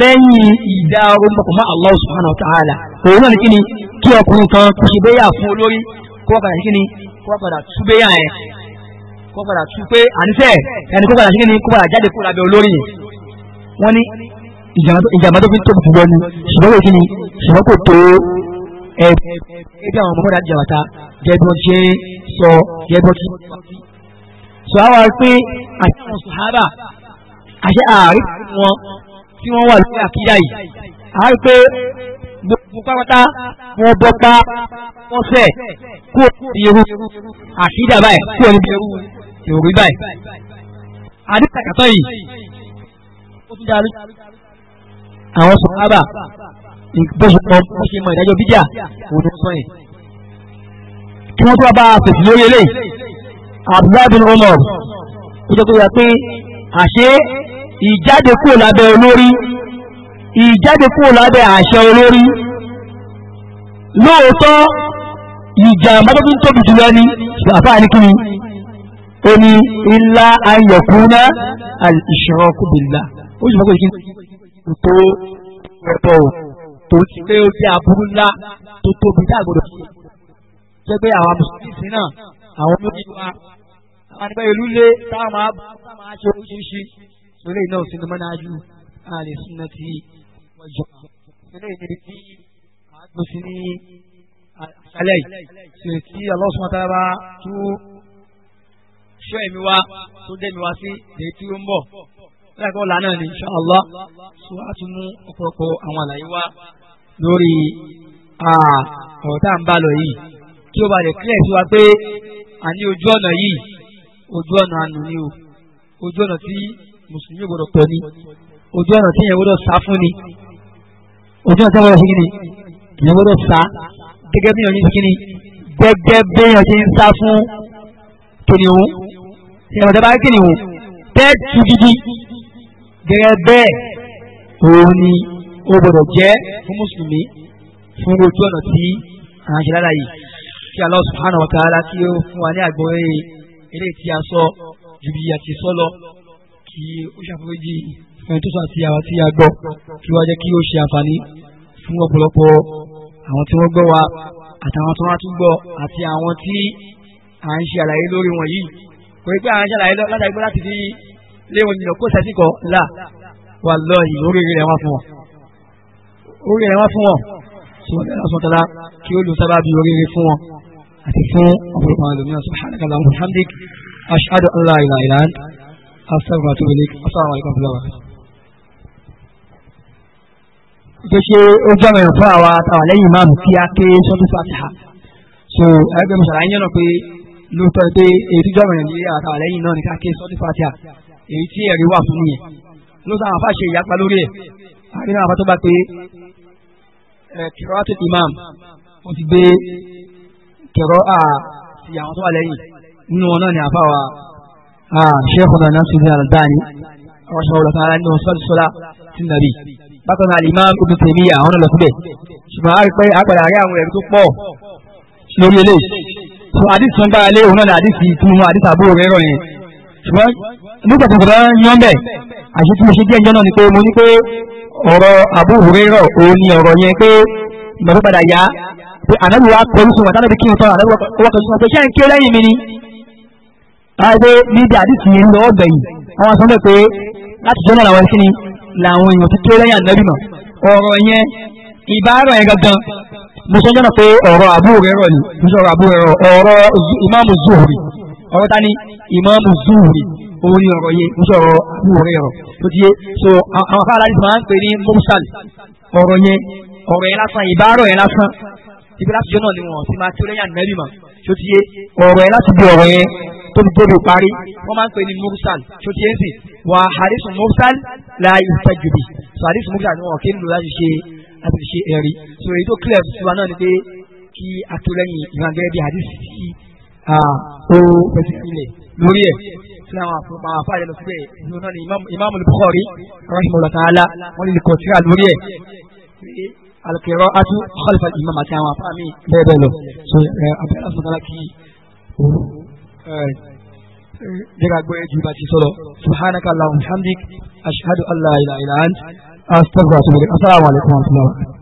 A: lẹ́yìn ìdá orúkọ mọ́ allah subhanahu kó wá padà sí kíni kó wá padà tú gbéyà yẹn kó wá padà tú pé àníṣe ẹni kó padà sí kíni kó padà jáde kó lábẹ́ olórí yẹn wọ́n ní ìjàmbá tó fi tóbi jù lọ ni ṣùgbọ́n kò kíni ṣùgbọ́n kò tó ẹ ẹbí àwọn ọmọdé àti jàmbá ta jẹ́ bí wọ́n ṣe ń sọ jẹ́ bí wọ́n ti sọ àwọn pé àti àwọn
B: sàhábà àṣẹ àárín wọn tí wọ́n wà lórí àkídà yìí àárín pé gbogbo pápátá wọn bọ́ pa wọn fẹ́ kó irú àkídà báyìí kó ní irú
A: ìròrí báyìí. àdìsàkàtọ̀ yìí ó tún darí àwọn sọ̀rọ̀ bó ṣe mọ bó ṣe mọ ìdájọ́ bíjà òun ló sọ yìí. kí wọ́n tó bá a fèsì lórí eléyìí Abdullahi bin Umar ó jẹ́ kó yà pé àṣé ìjáde kúrò lábẹ́ olórí ìjáde kúrò lábẹ́ àṣẹ olórí lóòótọ́ ìjàmbá tó tún tóbi jùlọ ní àfáà ní kíni ó ní illa an yakuna al-ishraku billah ó sì mọ́ pé kí n tó ọ̀tọ̀ o tó ti pé ó jẹ́ aburú ńlá tó tóbi tá àgbọ̀dọ̀
B: ṣe jẹ́ pé àwọn
A: amúsùlùmí náà àwọn ọmọ ìlú wa àwọn àdìgbà ìlú lé táwọn máa ṣe oríṣiríṣi lórí iná òsínú mọ́nájú àlè sunnati ìjọba eléyìí ni tí a tó sí ní àṣálẹ́ yìí tí Allah subhanahu tú ṣọ́ ẹ̀mí wa tó dé mi wá sí èyí tí ó ń bọ̀ bẹ́ẹ̀ kọ́ lànà ni insha Allah so a tún mú ọ̀pọ̀lọpọ̀ àwọn àlàyé wa lórí ọ̀rọ̀ tá à ń bá lọ yìí kí ó bá lè kílẹ̀ sí wa pé àní ojú ọ̀nà yìí ojú ọ̀nà àánú ni o ojú ọ̀nà tí mùsùlùmí gbọdọ̀ tọ̀ ni ojú ọ̀nà tí yẹn gbọdọ̀ sá fún ni òtí ọ̀sẹ̀ wọ́n ṣe kíni ìyẹn gbọ́dọ̀ sá gẹ́gẹ́ bí ìyànjú ṣe gẹ́gẹ́ bí ìyànjú ń sá fún kìnìún ìyàwó tẹ́ bá kìnìún tẹ́ tu gidi gẹ́gẹ́ bẹ́ẹ̀ òun ni ó gbọ́dọ̀ jẹ́ fún mùsùlùmí fún ojú ọ̀nà tí àwọn ṣe lára yìí kí Allah subhanahu wa ta'ala kí ó fún wa ní àgbọ̀nrẹ́ eré tí a sọ ju bí a ti sọ lọ kí ó ṣàforíjì ẹni tó sọ àti àwa tí a gbọ́ kí wá jẹ́ kí ó ṣe àǹfààní fún ọ̀pọ̀lọpọ̀ àwọn tí wọ́n gbọ́ wa àtàwọn tí wọ́n tún gbọ́ àti àwọn tí à ń ṣe àlàyé lórí wọn yìí kò ní pé à ń ṣe àlàyé látàrí pé láti fi lé wọn nílò kó sẹ́sì kọ́ là wà lọ́ọ̀yì oríire rẹ̀ wá fún wọn oríire rẹ̀ wá fún wọn sọ̀tàlá kí ó lù sábà bí oríire fún wọn àti fún ọ̀pọ̀lọpọ̀ àwọn ẹlòmíràn subhanaka wa bihamdik ashhadu an la ilaha illa anta astaghfiruka wa atubu ilaik pé ṣé ó jọmọ ẹ̀ fún àwa àtàwọn lẹ́yìn ìmáàmù kí á ké sọ́tún fàtìhà so ẹgbẹ́ mi ṣàlàyé náà pé lóòótọ́ pé èyí tí jọmọ ẹ̀ ní àtàwọn lẹ́yìn náà ní ká ké sọ́tún fàtìhà èyí tí ẹ̀rí wà fún nìyẹn lóòótọ́ àwọn afáṣe ìyapa lórí ẹ̀ àríwá àwọn tó bá pé kìrọ́tì imam ó ti gbé kẹ̀rọ à àwọn tó wà lẹ́yìn nínú wọn náà ni àfáwà ṣẹ́kọ̀ọ́ náà náà ti ní àlùdáni ní bákan náà Imam Ibn Taymiyyah àwọn ọ̀nà lọ́síbẹ̀ ṣùgbọ́n àrípẹ́ àpàdà àárẹ̀ àwọn ẹ̀rí tó pọ̀ lórí eléyìí so àdìsí wọn gbára lé òun náà àdìsí túnú àdìsí àbúrò rẹ̀ rọ̀ yẹn ṣùgbọ́n nígbà tó sọ̀rọ̀ yan bẹ̀ àṣẹ tí mo ṣe díẹ̀ jọ́nà ni pé mo ní pé ọ̀rọ̀ Abu Hurairah òun ni ọ̀rọ̀ yẹn pé bàbá padà yá pé ànábì wa kọlu sùn sọ làwọn èèyàn tó kéré yàn nẹ́bí mọ̀ ọ̀rọ̀ yẹn ìbára yẹn gangan mo sọ jọ́nà pé ọ̀rọ̀ àbúrò rẹ̀ ni mo sọ ọ̀rọ̀ àbúrò rẹ̀ rọ̀ ọ̀rọ̀ ìmáàmù zuhuri ọ̀rọ̀ ta ni ìmáàmù zuhuri òun ni ọ̀rọ̀ yẹn mo sọ ọ̀rọ̀ àbúrò rẹ̀ rọ̀ tó ti yé so àwọn afárá ti máa ń pè ní mursal ọ̀rọ̀ yẹn ọ̀rọ̀ yẹn lásán ìbára yẹn lásán ibi láti jọ́nà ni wọ́n ti máa kéré yàn nẹ́bí mọ̀ tó ti yé ọ̀rọ̀ yẹn láti bí ọ̀rọ̀ yẹn tó fi débi parí wọ́n máa ń pè ní mursal sotiyensi wà hadith mursal la yustajju bi so hadith mursal wọn kì í lò láti ṣe láti ṣe ẹ̀rí so èyí tó clear tiwa náà ni pé kí atúlẹ́yìn ìrangẹ́rẹ́ bí hadith sí ó fẹsẹ̀ sílẹ̀ lórí ẹ̀ tí àwọn àwọn afáàlẹ́ lọ síbẹ̀ ìlú náà ni imaamu Bukhari rahimahullah ta'ala wọ́n lè kọ̀ síra lórí ẹ̀ alukero atu khalfa imam àti àwọn afáàmì bẹ́ẹ̀ bẹ́ẹ̀ lọ so abẹ́rẹ́ sọ̀tàlá kí. سبحانك اللهم وبحمدك اشهد ان لا اله الا انت
B: استغفرك السلام عليكم ورحمه الله